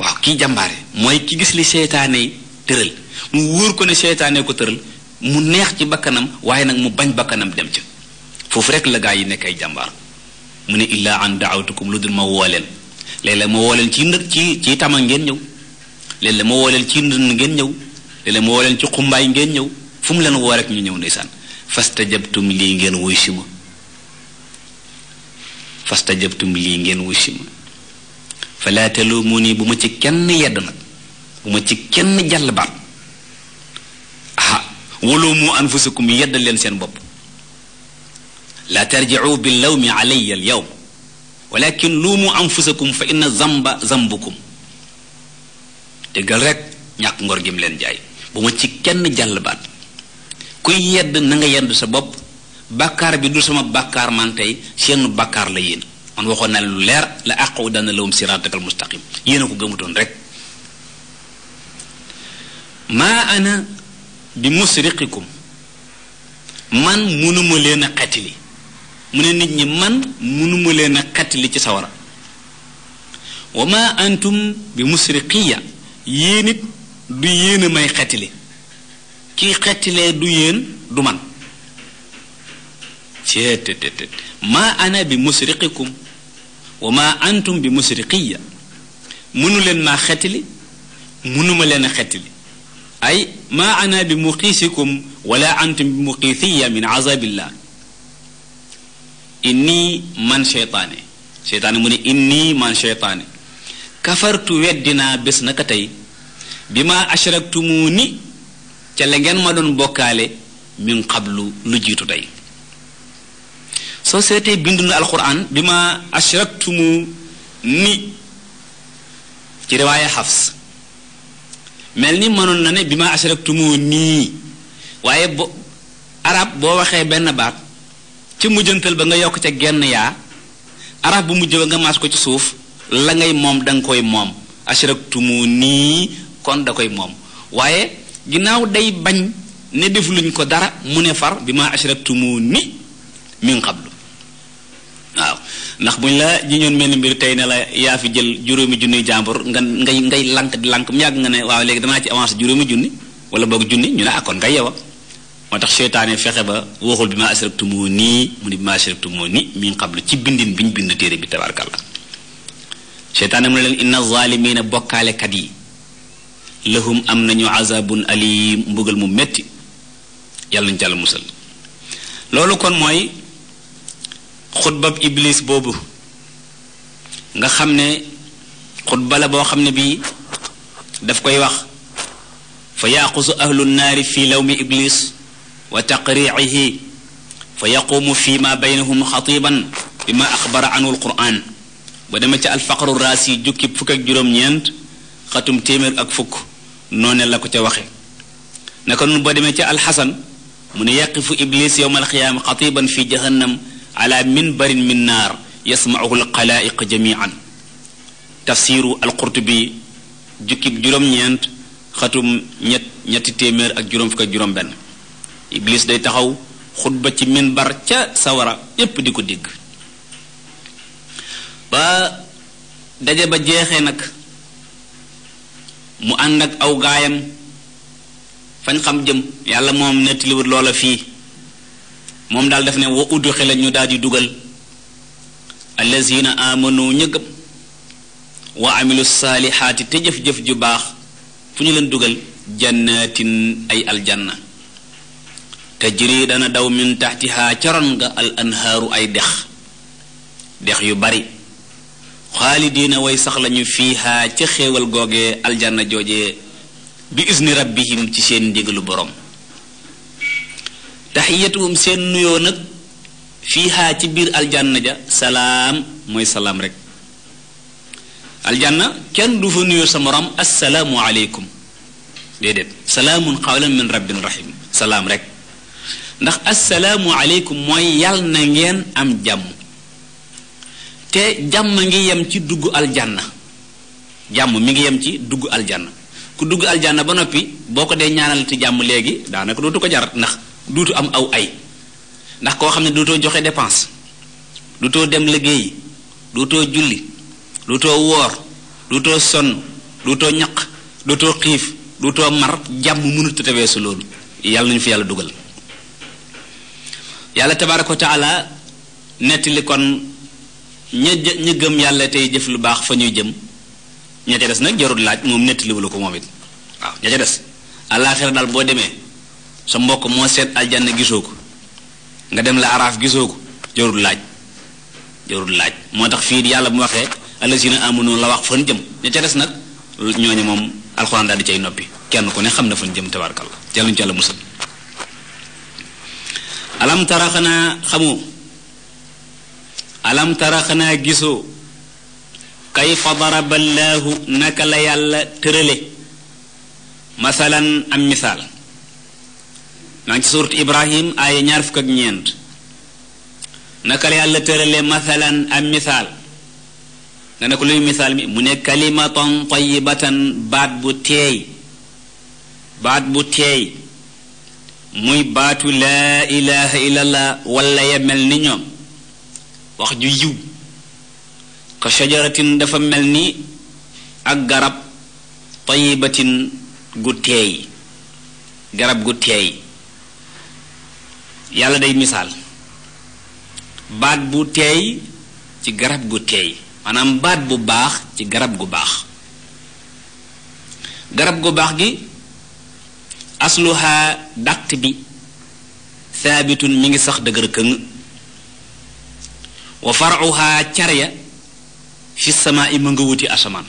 waaw kii jàmbaare mooy ki gis li seytaane tëral mu wóor ko ne seytaane ko tëral mu neex ci bakkanam waaye nag mu bañ bakkanam dem ca foofu rek la gaa yi nekk ay jàmbaar mu ne illaa an daawtukum lu dul ma woo leen léeg la ma woo leen ci ndë ci ci tama ngeen ñëw léeg-léeg ma woo leen ci ndënd ngeen ñëw léeg-léeg ma woo xumbaay ngeen ñëw fu mu leen woo rek ñu ñëw ndeysaan fastajabtum lii ngeen wuy si ma fastajabtum lii ngeen wuy si fala taluumuuni bu ma ci kenn yedd nag bu ma ci kenn jàll baat mu waluumu anfusakum yeddal leen seen bopp laa tarjicu bi lawmi alayya al yawm walakin luumu anfusakum fa inna zamba zambukum déggal rek ñàkk ngor gim leen jaay bu ma ci kenn jàll baat kuy yedd na nga sa bopp bàkkaar bi du sama bàkkaar man tey seenu bàkkaar la yéen man waxoon lu leer la àqu dana lawum siraatakal mustaqim yéen a ko gëmutoon rek maa ana bi musriqikum man munuma leen a mu ne nit man munuma leen a xatili ci sawara wa ma bi musriqiya yéen du yéen may xatili kii xatilee du yéen du man ceet maa ana bi musriqikum wa ma antum bi musriqiya mënu leen maa xettali mënuma leen a ay ma ana bi muqiisikum wala antum bi muqiisiya min azabillah inni man seytaane seytaane mu ne inni man seytaane kafartu weddinaa bés naka tey bi ma ashraktumuu ni cala la ngeen ma doon bokkaale min qablu lu jiitu tey soo seetee bindu na alquran bi ma tumu ni ci riwaaya xafs mel ni mënoon na ne bi ma tumu nii waaye bo arab boo waxee benn baat ci mujjantal ba nga yokk ca genn yaa arab bu mujj ba nga maas ko ci suuf la ngay moom danga koy moom ashraktumu nii kon da koy moom waaye ginnaaw day bañ ne def luñ ko dara mu ne far bi ma ashraktumu ni min waaw ndax buñ la ji ñoon mel ni mbir tey ne la yaa fi jël juróomi junni jàmbur nga ngay ngay lànk di lànk mu yàgg nga ne waaw léegi danaa ci avancé juróomi junni wala boog junni ñu ne akkoon ah ngay yow a moo tax seytaane fexe ba waxul bi ma asraktumoo nii mu ne bi ma asraktumoo ni min qablu ci bindin ñu bind téere bi tabarakalla seytaane mu ne leen inna zaalimiina bokkaalekat yi lahum am nañu azabun alim mbugal mu metti yàlla nañu jàll musal xutbab iblis boobu nga xam ne xutba la boo xam ne bii daf koy wax fa yaqusu ahlu naari fi lawmi iblis wa taqriihi fa yaqumu fi ma baynahum xatiban bi ma axbara anhu alquran ba dema ca alfaqaru raas yi jukki fukk ak xatum téeméer ak fukk noone la ko ca waxe naka noonu ba demee ca alxasan mu ne iblis yowma alxiyaama xatiban fi jahannam ala minbarin min naar yasmauhu alxalaaiq jamian bi alqurtubi jukkib juróom-ñeent xatum ñett ñetti téeméer ak juróom fukk ak juróom-benn iblis day taxaw xutba ci minbar ca sawara yépp di ko dégg ba daje ba jeexee nag mu ànd ak aw gaayam fañ xam jëm yàlla moom nettaliwut loola fii moom daal def ne wa uddu xela ñu daal di dugal allazina amanu ña gëm wa amilu saalihaati te jëf-jëf ju baax fu ñu leen dugal jannatin ay aljanna tajri dana daw min taxtihaa caron nga al anhaaru ay dex dex yu bari xaalidiina way sax lañu fiihaa ca xéewal googee aljanna joojee bi izni rabbihim ci seen ndigalu boroom taxiyatuhum seen nuyoo nag fii fiihaa ci biir aljanna ja salaam mooy salaam rek aljanna kenn du fa nuyoo sa moroom assalaamu aleykum déedéet salaamun xawlan min rabbin rahim salaam rek ndax assalaamu aleykum mooy yàll na ngeen am jàmm te jàmm ngi yem ci dugg aljanna jàmm mi ngi yem ci dugg aljanna ku dugg aljanna ba noppi boo ko dee ñaanal ci jàmm léegi daanaka dootu ko jar ndax duutu am aw ay ndax koo xam ne duutoo joxe dépense duutoo dem liggéeyi duutoo julli duutoo woor duutoo sonn duutoo ñaq duutoo xiif duutoo mar jàmm mënut a taweesu loolu yàlla nañu fi yàlla dugal yàlla tabaaraka wa taala nettali kon ña ña gëm yàlla tey jëf lu baax fa ñuy jëm ña ca des nag jarul laaj moom nettaliwul ko moom it waaw ña des àllaaxira daal boo demee sa mbokk moo seet aljanna gisoo ko nga dem la araaf gisoo ko jarul laaj jarul laaj moo tax fii yàlla bu waxee allasina amanu la wax fan jëm ña ca nag ñooñu moom alxuraan daal di cay noppi kenn ku ne xam na fan jëm tabarakalla jàlluñ ci yàlla musal alam tara xamoo alam tara xanaa gisoo kayfa daraba llaahu naka la yàlla tërale masalan am misaal maa ngi ci suurat Ibrahim aaya ñaar fukk ak ñeent naka la yàlla tëralee mathalan am misaal nga ne ko luy misaal mi mu ne kalimatan tayyibatan baat bu teey baat bu teey muy baatu laa ilaha illallah wala ya mel ni ñoom wax ju yiw ka shajaratin dafa mel ni ak garab tayibatin gu teey garab gu teey yàlla day misaal baat bu teey ci garab gu teey maanaam baat bu baax ci garab gu baax garab gu baax gi asluha dàq bi saabitun mi ngi sax dëgër këng wa faruha carya fi samaa i ma nga wuti asamaan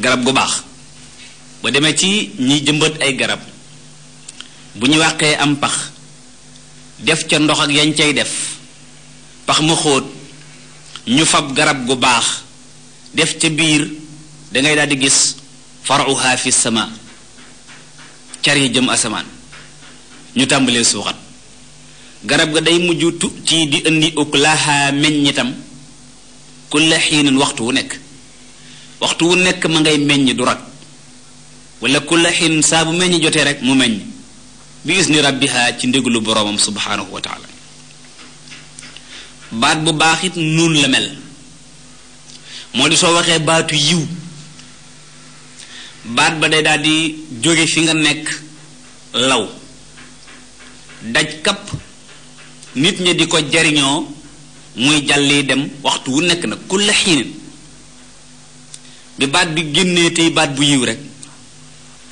garab gu baax ba demee ci ñiy jëmbët ay garab bu ñu wàqee am pax def ca ndox ak yañ cay def pax ma xóot ñu fab garab gu baax def ca biir dangay daal di gis faruha fi sama car yi jëm asamaan ñu tàmbalee suuxat garab ga day mujj tu ci di indi ukulaaha meññitam kulla xiinin waxtu wu nekk waxtu wu nekk ma ngay meññ du rak walla kulla xiin saa bu meññ jotee rek mu meññ bi isni rabbiha ci ndéglu boroomam subhaanahu wa taala baat bu baax it nuun la mel moo di soo waxee baatu yiw baat ba day daal di jóge fi nga nekk law daj kapp nit ñi di ko jariñoo muy jàlli dem waxtu wu nekk nag kulla xiinin bi baat bi génnee tey baat bu yiw rek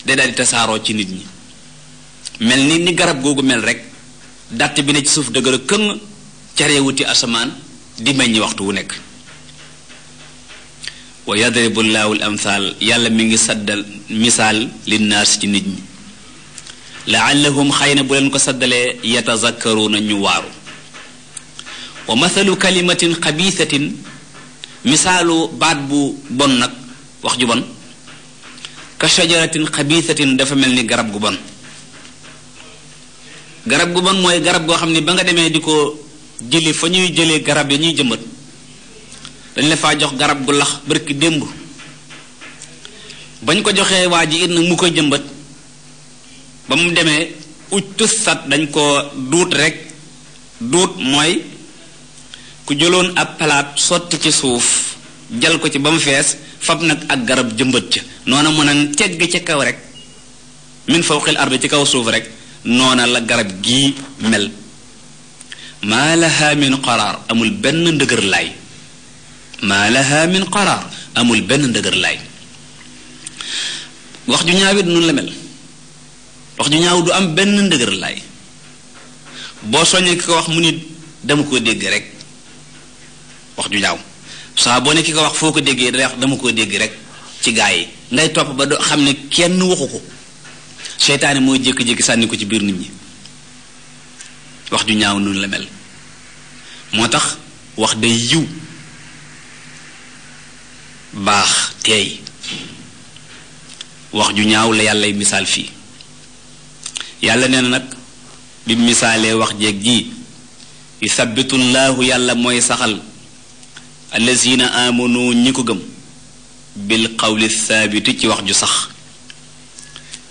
day daal di tasaaroo ci nit ñi mel nii ni garab googu mel rek dàtt bi ne ci suuf dëgër a cere wuti asamaan di mel meññ waxtu wu nekk wa yadribu llaahu l amthal yàlla mi ngi saddal misaal linnaas ci nit ñi laallahum xëy na bu leen ko saddalee yatazakkaruuna ñu waaru wa mathalu kalimatin xabiisatin misaalu baat bu bon nag wax ju bon ka shajaratin xabiisatin dafa mel ni garab gu bon garab gu bon mooy garab goo xam ne ba nga demee di ko jëli fa ñuy jëlee garab ya ñuy jëmbat dañ la jox garab gu lax barki démb bañ ko joxee waa ji it nag mu koy jëmbat ba mu demee uctu sat dañ ko duut rek duut mooy ku jëloon ab palaat sotti ci suuf jal ko ci ba mu fees fab nag ak garab jëmbat ca noona mu naan tegg ca kaw rek min fawqil ardi ci kaw suuf rek noona la garab gii mel maa la min qaraar amul benn ndëgër lay maa laha min qaraar amul benn ndëgër laay wax ju ñaawit noonu la mel wax ju ñaaw du am benn ndëgër lay boo soññee ki ko wax mu nit dama koo dégg rek wax ju ñaaw saa boo ne ki ko wax foo ko déggee day wax dama koo dégg rek ci gaa yi ngay topp ba doo xam ne kenn waxu ko seytaane mooy jékki-jékki sànni ko ci biir nit ñi wax ju ñaaw noonu la mel moo tax wax day yiw baax teey wax ju ñaaw la yàllay misaal fii yàlla nee na nag bi misaalee wax jeeg ji yuthabitu llaahu yàlla mooy saxal allazina amanu ñi ko gëm bil qawli thaabiti ci wax ju sax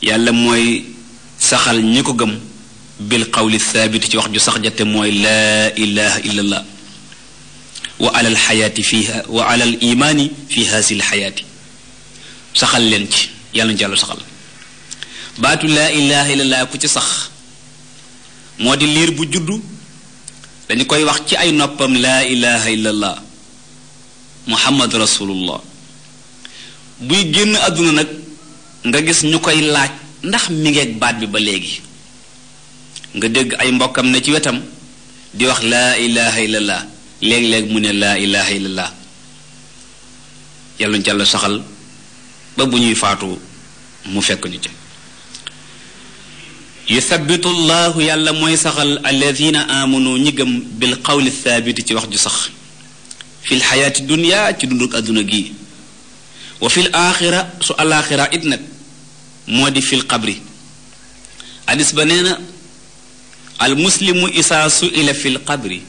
yàlla mooy saxal ñi ko gëm bil qawli thaabit ci wax ju sax jate mooy laa ilaha illa allah wa alal xayaati fiha wa alal imaani fi hasil saxal leen ci yàlla ñu ci yàlla saxal sax moo di liir bu juddu dañu koy wax ci ay noppam la ilaha illallah muhammad rasulullah buy génn àdduna nag nga gis ñu koy laaj ndax mi ngeeg baat bi ba léegi nga dégg ay mbokkam na ci wetam di wax laa ilaha illallah léeg-léeg mu ne laa ilaha illallah yàlla ñu ca saxal ba bu ñuy faatu mu fekk ñu ca yuthabitu llahu yàlla mooy saxal alladina amanu ñi gëm bil qawli thaabiti ci wax ju sax fi l xayaati dunia ci dunduk àdduna gi wa fil aaxira su alaaxira it nag moo di fil qabri hadis ba nee na al muslimu isaa suila fil qabri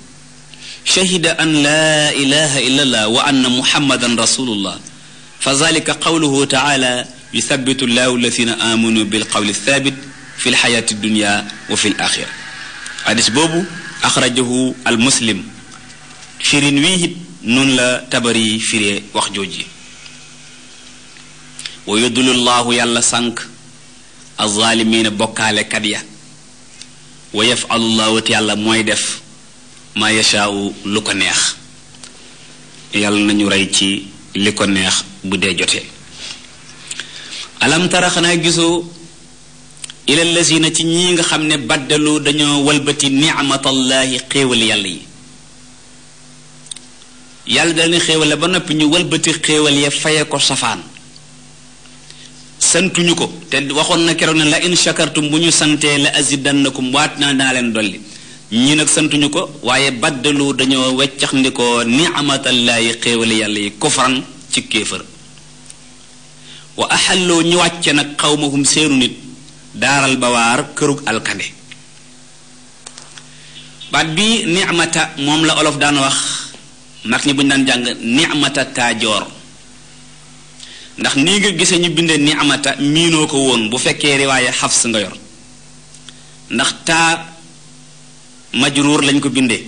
shahida an laa ilaha illa allah wa anna muhammadan rasulullah fa zalika qawluhu taala yuthabitu llahu alladina amanu bil qawli thabit fi lxayaati dunia wa fi laxira hadis boobu axrajahu al muslim firin wii it noonu la tabari firee wax jooji dul yudlillaahu yàlla sànq azaalimiina bokkaalekat ya wa yafalullaahu te yàlla mooy def maa yashaau lu ko neex yàlla nañu rey ci li ko neex bu dee jotee alam tara xanaa gisoo ila lazina ci ñi nga xam ne baddalu dañoo walbati nicmatallaahi xéewal yàlla yi yàlla dana xéewale ba noppi ñu walbati xéewal ya faye ko safaan santuñu ko te waxoon na keroog ne la in shakartum bu ñu santee la azidannakum waat na naa leen dolli ñii nag santuñu ko waaye baddalu dañoo weccax ndikoo ni'amatallahi xéewale yàlla yi kufran ci kéefër wa axalloo ñu wàcce nag xawma xawmahum seenu nit daaral bawaar kërug alkande baat bi ni'mata moom la olof daan wax mag ñi bu daan jàng ni'mata taajoor ndax nii nga gisee ñu bindee ni amata miinoo ko woon bu fekkee riwaaye xafs nga yor ndax taa majruur lañ ko bindee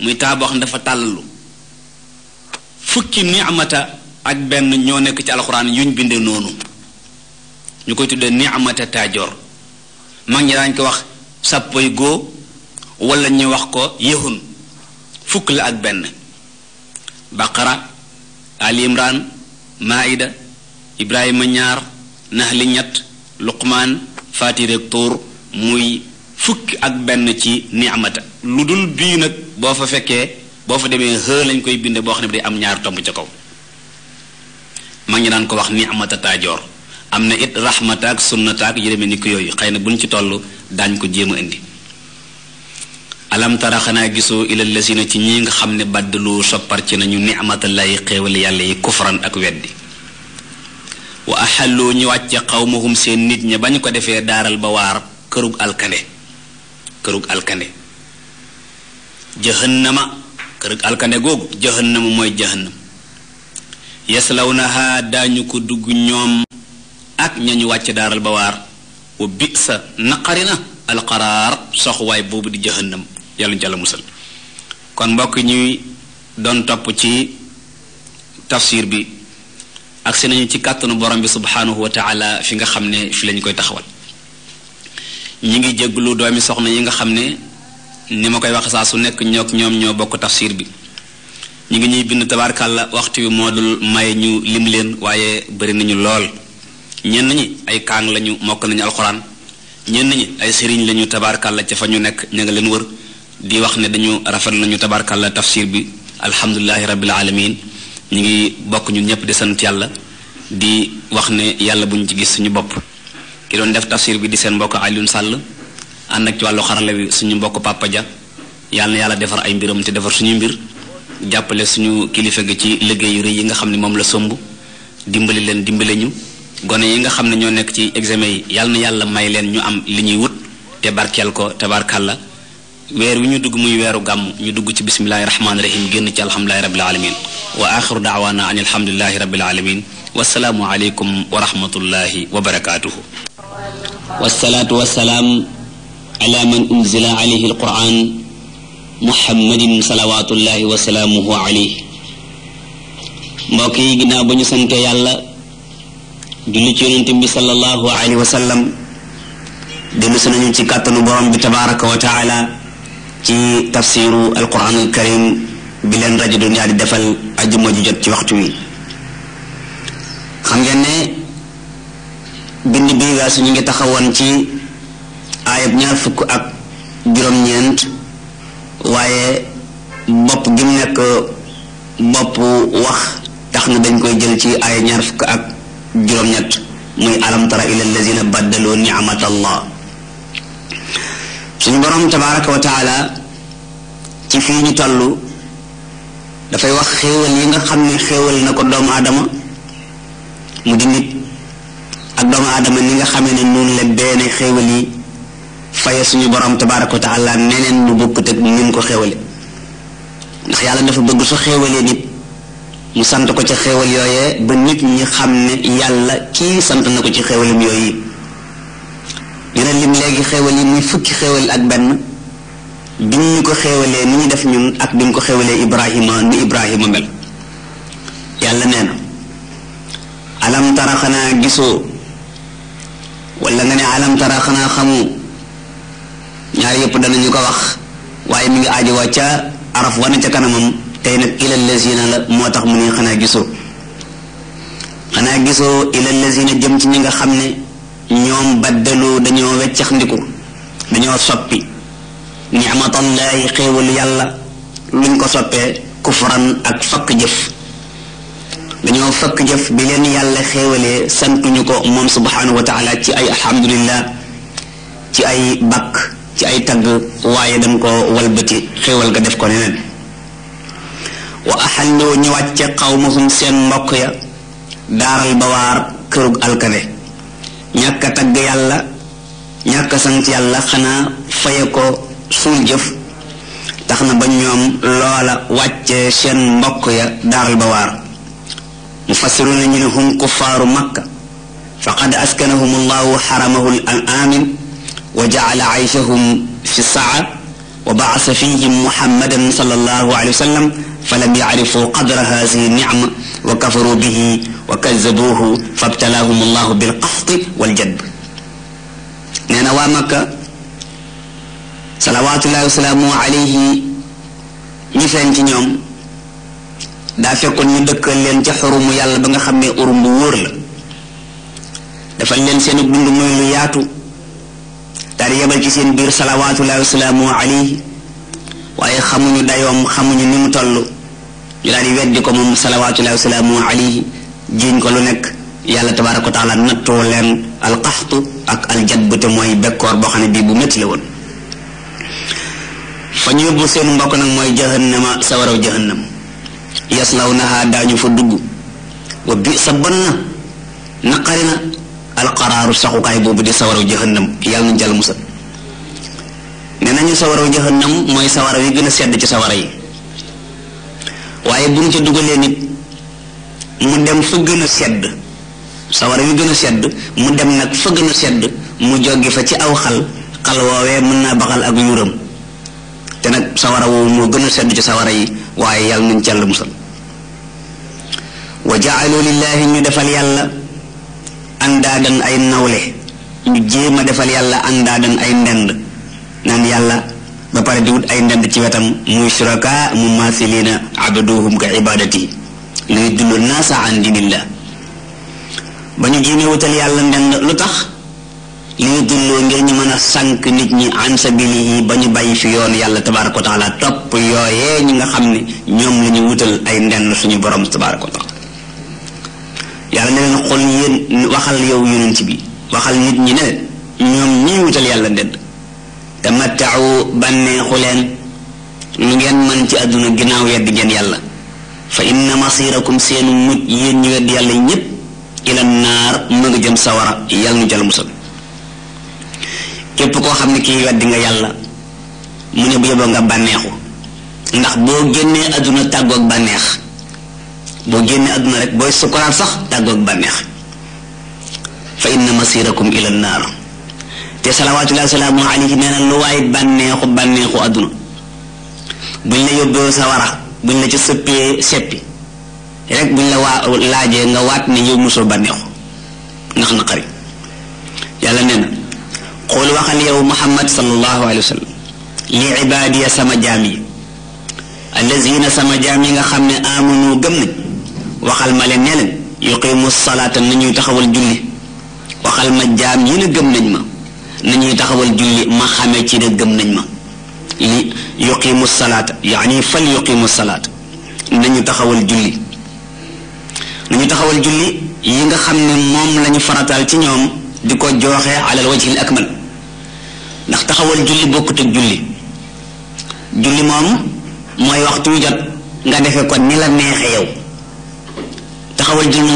muy taa boo xam ne dafa tàllalu fukki ni amata ak benn ñoo nekk ci alxuraan yuñ bindee noonu ñu koy tuddee ni amata taajoor mag ñi daañ ko wax sàppoy góo wala ñu wax ko yëhun fukk la ak benn baqara al maayida ibrahima ñaar naxli ñett luqmaan fatir ak tuur muy fukki ak benn ci ni'mata lu dul bii nag boo fa fekkee boo fa demee xë lañ koy binde boo xam ne bi day am ñaar tomb ca kaw mag ñi daan ko wax ni'mata taajoor am na it rahmata ak sunnata ak yu demee ni ko yooyu xëy na buñ ci toll daañ ko jéem a indi alam xanaa gisoo ilal lasina ci ñi nga xam ne baddaloo soppar ci nañu lay xéewal yàlla yi kufran ak weddi wa axalloo ñu wàcce xawmahum seen nit ña bañ ko defee daaral ba waar kërug alkande kërug alkande jahannama kërug alkande googu jahannama mooy jahannam yaslawnaha daañu ko dugg ñoom ak ñañu wàcce daaral ba waar wa bi sa naqari na alqaraar soxwaay boobu di jahannam yàlla ñu ci musal kon mbokk ñuy doon topp ci tafsir bi agsi nañu ci kàttanu borom bi subhanahu wa taala fi nga xam ne fi lañu koy taxawal ñi ngi jégglu doomi soxna yi nga xam ne ni ma koy wax saa su nekk ñoog ñoom ñoo bokk tafsir bi ñu ngi ñuy bind tabaarkàlla waxtu bi moo dul may ñu lim leen waaye bari nañu lool ñenn ñi ay kaang lañu mokk nañu alxuraan ñenn ñi ay sëriñ lañu tabaarkàlla ca fa ñu nekk ña nga leen wër di wax ne dañu rafet nañu tabarkàlla tafsir bi alhamdulilahi rabbil alamin ñu ngi bokk ñëpp di yàlla di wax ne yàlla buñ ci gis suñu bopp ki doon def tafsir bi di seen mbokk Alioune Sall ànd ak ci wàllu xarala suñu mbokk Papa Dia yàlla na yàlla defar ay mbiram defar suñu mbir jàppale suñu kilifa gi ci liggéey yu yi nga xam ne moom la somb dimbali leen dimbali ñu gone yi nga xam ne ñoo nekk ci examen yi yàlla na yàlla may leen ñu am li ñuy wut te barkeel ko tabarkàlla weer wi ñu dugg muy weeru gàmm ñu dugg ci bismillahi rahmaani rahim génn ci alhamdulilahi rabbil alamin wa axiru daawaana an alhamdulilahi rabbil alamin wasalaamu aleykum wa rahmatullahi ala man unzila alayhi alquran muhammadin salawatullahi wa salaamuhu alayhi mbokk yi ginnaaw ba ñu sante yàlla julli ci yonente bi sallallahu alayhi wa sallam dellu si nañu ci kàttanu borom bi tabaraka wa taala ci tafsiru alquranul karim bi leen rajo Dunya di defal ajjuma ju jot ci waxtu wi xam ngeen ne bind bii weesu ñu ngi taxawoon ci aayab ñaar fukk ak juróom-ñeent waaye bopp gi mu nekk bopp wax tax na dañ koy jël ci aayab ñaar fukk ak juróom-ñett muy alam tara ila allazina baddalu ni'matallah suñu borom tabaraka wa taala ci fii ñu toll dafay wax xéewal yi nga xam ne xéewal na ko doomu aadama mu di nit ak doomu aadama ni nga xamee ne noonu la benn xéewal yi faye suñu borom tabaraka wa taala neneen lu bokkut ak ni ko xéewale ndax yàlla dafa bëgg su xéewalee nit mu sant ko ci xéewal yooyee ba nit ñi xam ne yàlla kii sant na ko ci xéewalam yooyu dina lim léegi xéewal yi muy fukki xéewal ak benn bi ñu ko xéewalee ni def ñun ak bi ñu ko xéewalee Ibrahima ni Ibrahima mel yàlla nee na alam tara gisoo wala nga ne alam tara xanaa xamu ñaar yëpp danañu ko wax waaye mu ngi aajowoo ca araf wane ca kanamam tey nag ilal lazina la moo tax mu ne xanaa gisoo xanaa gisoo ilal lazina jëm ci ñi nga xam ne ñoom baddalu dañoo weccax ndiku dañoo soppi nicmatallahi xéewal yàlla luñ ko soppee kufran ak fakk jëf dañoo fakk jëf bi leen yàlla xéewalee santuñu ko moom subhanahu wa ci ay alhamdulillah ci ay bakk ci ay tagg waaye dañ ko walbati xéewal ga def ko neneen wa axalloo ñu wàcce xawmahum seen mbokk ya daaral bawaar kërug alkane ñàkk a tagg yàlla ñàkk a sant yàlla xanaa faye ko suul jëf tax na ba ñoom loola seen mbokk ya daaral bawaar ne hum kuffaaru makka faqad askanahum allahu xaramahu amin wa ayshahum fi saa wa fihim muhammadan sallallahu alayhi wa falam yacrifu qadra hadihi nicma wa kafaru wa kazzabuuhu fabtalaahum allahu bil qasdi wal jadd nee na waa makka salawaatullahi wasalaamu alayhi ñi feeñ ci ñoom daa fekkoon ñu dëkkal leen ca xurumu yàlla ba nga xam ne urum bu wóor la dafa leen seen dund muy lu yaatu daal yebal ci seen biir salawaatullahi wasalaamu alayhi waaye xamuñu dayoom xamuñu ni mu toll ñu daal di weddi ko moom salawaatullahi wasalaamu alayhi jiiñ ko lu nekk yàlla tabaaraka wa taala nattoo leen alqaxtu ak aljadbu te mooy bekkoor boo xam ne bii bu métti la woon fa ñu yóbbu seen mbokk nag mooy jahannama sawaraw jahannam yaslawnaha daañu fa dugg bi sa bon na naqari na alqaraaru saxukaay boobu di sawaraw yàlla nañu jàll musal nee nañu sawaraw jahannam mooy sawara yi gën a sedd ci sawara yi waaye bu ñu ca dugalee nit mu dem fa gën a sedd sawara yu gën a sedd mu dem nag fa gën a sedd mu joggi fa ci aw xal xal woowee mën naa baxal ak yuuram te nag sawar woowu moo gën a sedd ci sawara yi waaye yàlla nañ ci yàlla musal wa jaalu ñu defal yàlla andaadan ay nawle ñu jéem a defal yàlla andaadan ay ndend naan yàlla ba pare di wut ay ndend ci wetam muy suraka mu masilina abaduhum ka lu yudillu naasa an dinillah ba ñu jéemee wutal yàlla ndend lu tax li yudillu ngir ñu mën a sànq nit ñi an sabilihi ba ñu bàyyi fi yoon yàlla tabaraka wa taala topp yooyee ñi nga xam ni ñoom la ñu wutal ay ndenn suñu borom tabaraka wa taala yàlla ne leen xol yéen waxal yow yonent bi waxal nit ñi ne ñoom ñii wutal yàlla ndend tamattaawu bànneexu leen lu ngeen mën ci àdduna ginnaaw yedd ngeen yàlla fa inna masirakum seenu mujj yéen ñu wedd yàlla ñépp ila naar ma nga jëm sawara yàlla nu jàll musal képp koo xam ne kii weddi nga yàlla mu ne bu yeboo nga bànneexu ndax boo génnee àdduna tàggoog bànneex boo génnee àdduna rek booy sukkuraat sax tàggoog bànneex fa inna masirakum ila naar te salawaatullahi salaamu alayhi nee na lu waay bànneexu bànneexu àdduna buñ la yóbboo sawara buñ la ca sëppee seppi rek buñ la waa laajee nga waat ne yow mosoo bànneexu ndax naqari yàlla nee xool waxal yow muhammad sallallahu alayhi wa sallam li ibaadiya sama jaam yi allazina sama jaam yi nga xam ne amanu gëm nañ waxal ma leen ne leen yuqimu salaata nañuy taxawal julli waxal ma jaam yi na gëm nañ ma nañuy taxawal julli ma xamee ci ne gëm nañ ma li yuqimu salaata yaani fal yuqimu salaata nañu taxawal julli nañu taxawal julli yi nga xam ne moom lañu farataal ci ñoom di ko jooxe alal wajhil akmal ndax taxawal julli bokkut ak julli julli moom mooy waxtu wu jot nga defe ko ni la neexe yow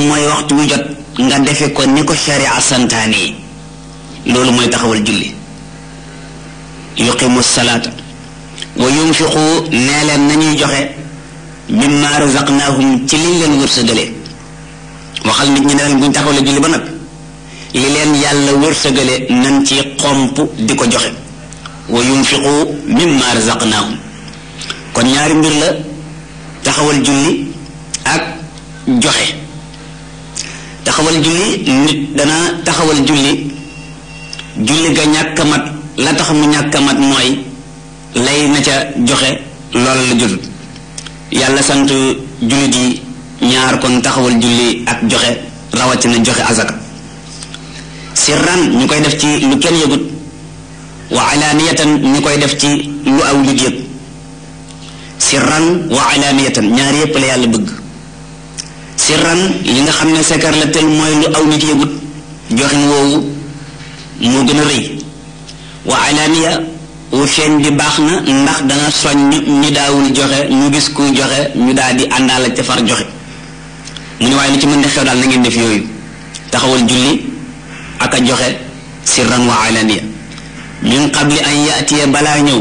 mooy waxtu wu jot nga defe ko ni a sharia santaane loolu mooy taxawal julli yuqimu salaata wa yunfiqu nee leen nañuy joxe mimma razaqnaahum ci liñ leen wërsëgale waxal nit ñi ne leen buñ taxawle julli ba nag leen yàlla wërsëgale nañ ci xomp di ko joxe wa yunfiqu mimma razaqnaahum kon ñaari mbir la taxawal julli ak joxe taxawal julli nit dana taxawal julli julli ga ñàkk a mat la tax mu ñàkk a mat mooy lay na ca joxe loola la jotut yàlla sant jullit yi ñaar kon taxawal julli ak joxe rawatina joxe azaka sirran ñu koy def ci lu kenn yëgut wa alaaniyatan koy def ci lu aw nit yëg waa wa alaaniyatan ñaar yëpp la yàlla bëgg sirran li nga xam ne sekar la tel mooy lu aw nit yëgut joxin woowu moo gën a rëy wa alaaniya wu feeñ bi baax na ndax dana soññ ñi daawul joxe ñu gis kuy joxe ñu daal di àndaala jafar joxe mu ne waaye ci mën di ngeen def yooyu taxawal julli ak joxe sirran wa alaniya min qabli balaa ñëw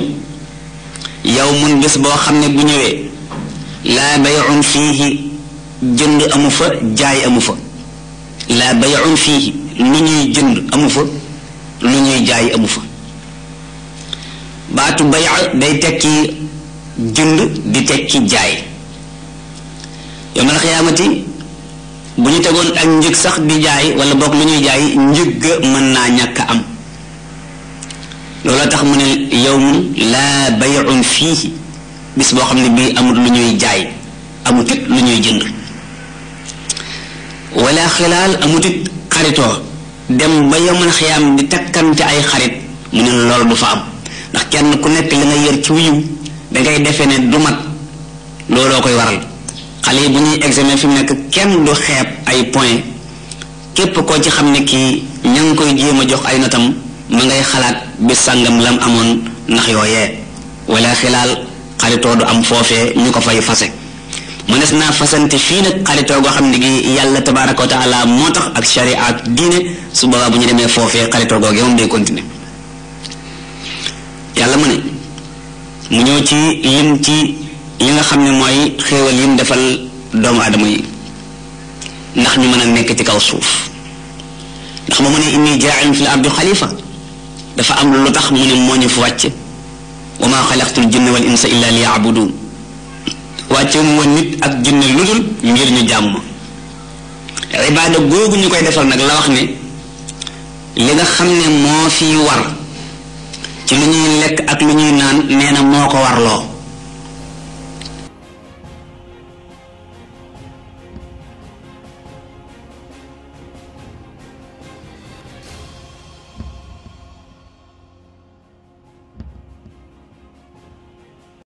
yow mun bés boo xam ne bu ñëwee laa bayun jënd amu jaay amu fa ñuy jënd amu fa lu ñuy jaay amu fa baatu bay'a day tekki jënd di tekki jaay yawmal xiyaamati bu ñu tegoon ak njëg sax di jaay wala boog lu ñuy jaay njëg mën naa ñàkk am looloo tax mu ne yawmun laa bay'un fiihi bis boo xam ne bii amul lu ñuy jaay amut it lu ñuy jënd wala xilaal amut it xaritoo dem ba yawmal xiyaam di takkante ay xarit mu ne loolu du fa am ndax kenn ku nekk li nga yër ci wiiw dangay defe ne du mat looloo koy waral xale yi bu ñuy examen fi mu nekk kenn du xeeb ay point képp koo ci xam ne kii ña ngi koy jéem a jox ay notam ma ngay xalaat bi sàngam lam amoon ndax yooyee wala xilaal xaritoo du am foofe ñu ko fay fase mu des naa fasante fii nag xaritoo goo xam ne gi yàlla tabaraka wa taala moo tax ak sharia ak diine su boobaa bu ñu demee foofee xaritoo googee moom day continuer yàlla mu ne mu ñëw ci lim ci yi nga xam ne mooy xéewal yim defal doomu aadama yi ndax ñu mën a nekk ci kaw suuf ndax ba mu ne inni jaa'ilun fil ardi xalifa dafa am lu tax mu ne moo ñu fi wàcce wa maa xalaqtul nit ak jinne lu dul ngir ñu jàmm ibaada googu ñu koy defal nag la wax ne li nga xam ne moo fi war ci li ñuy lekk ak li ñuy naan nee na moo ko warloo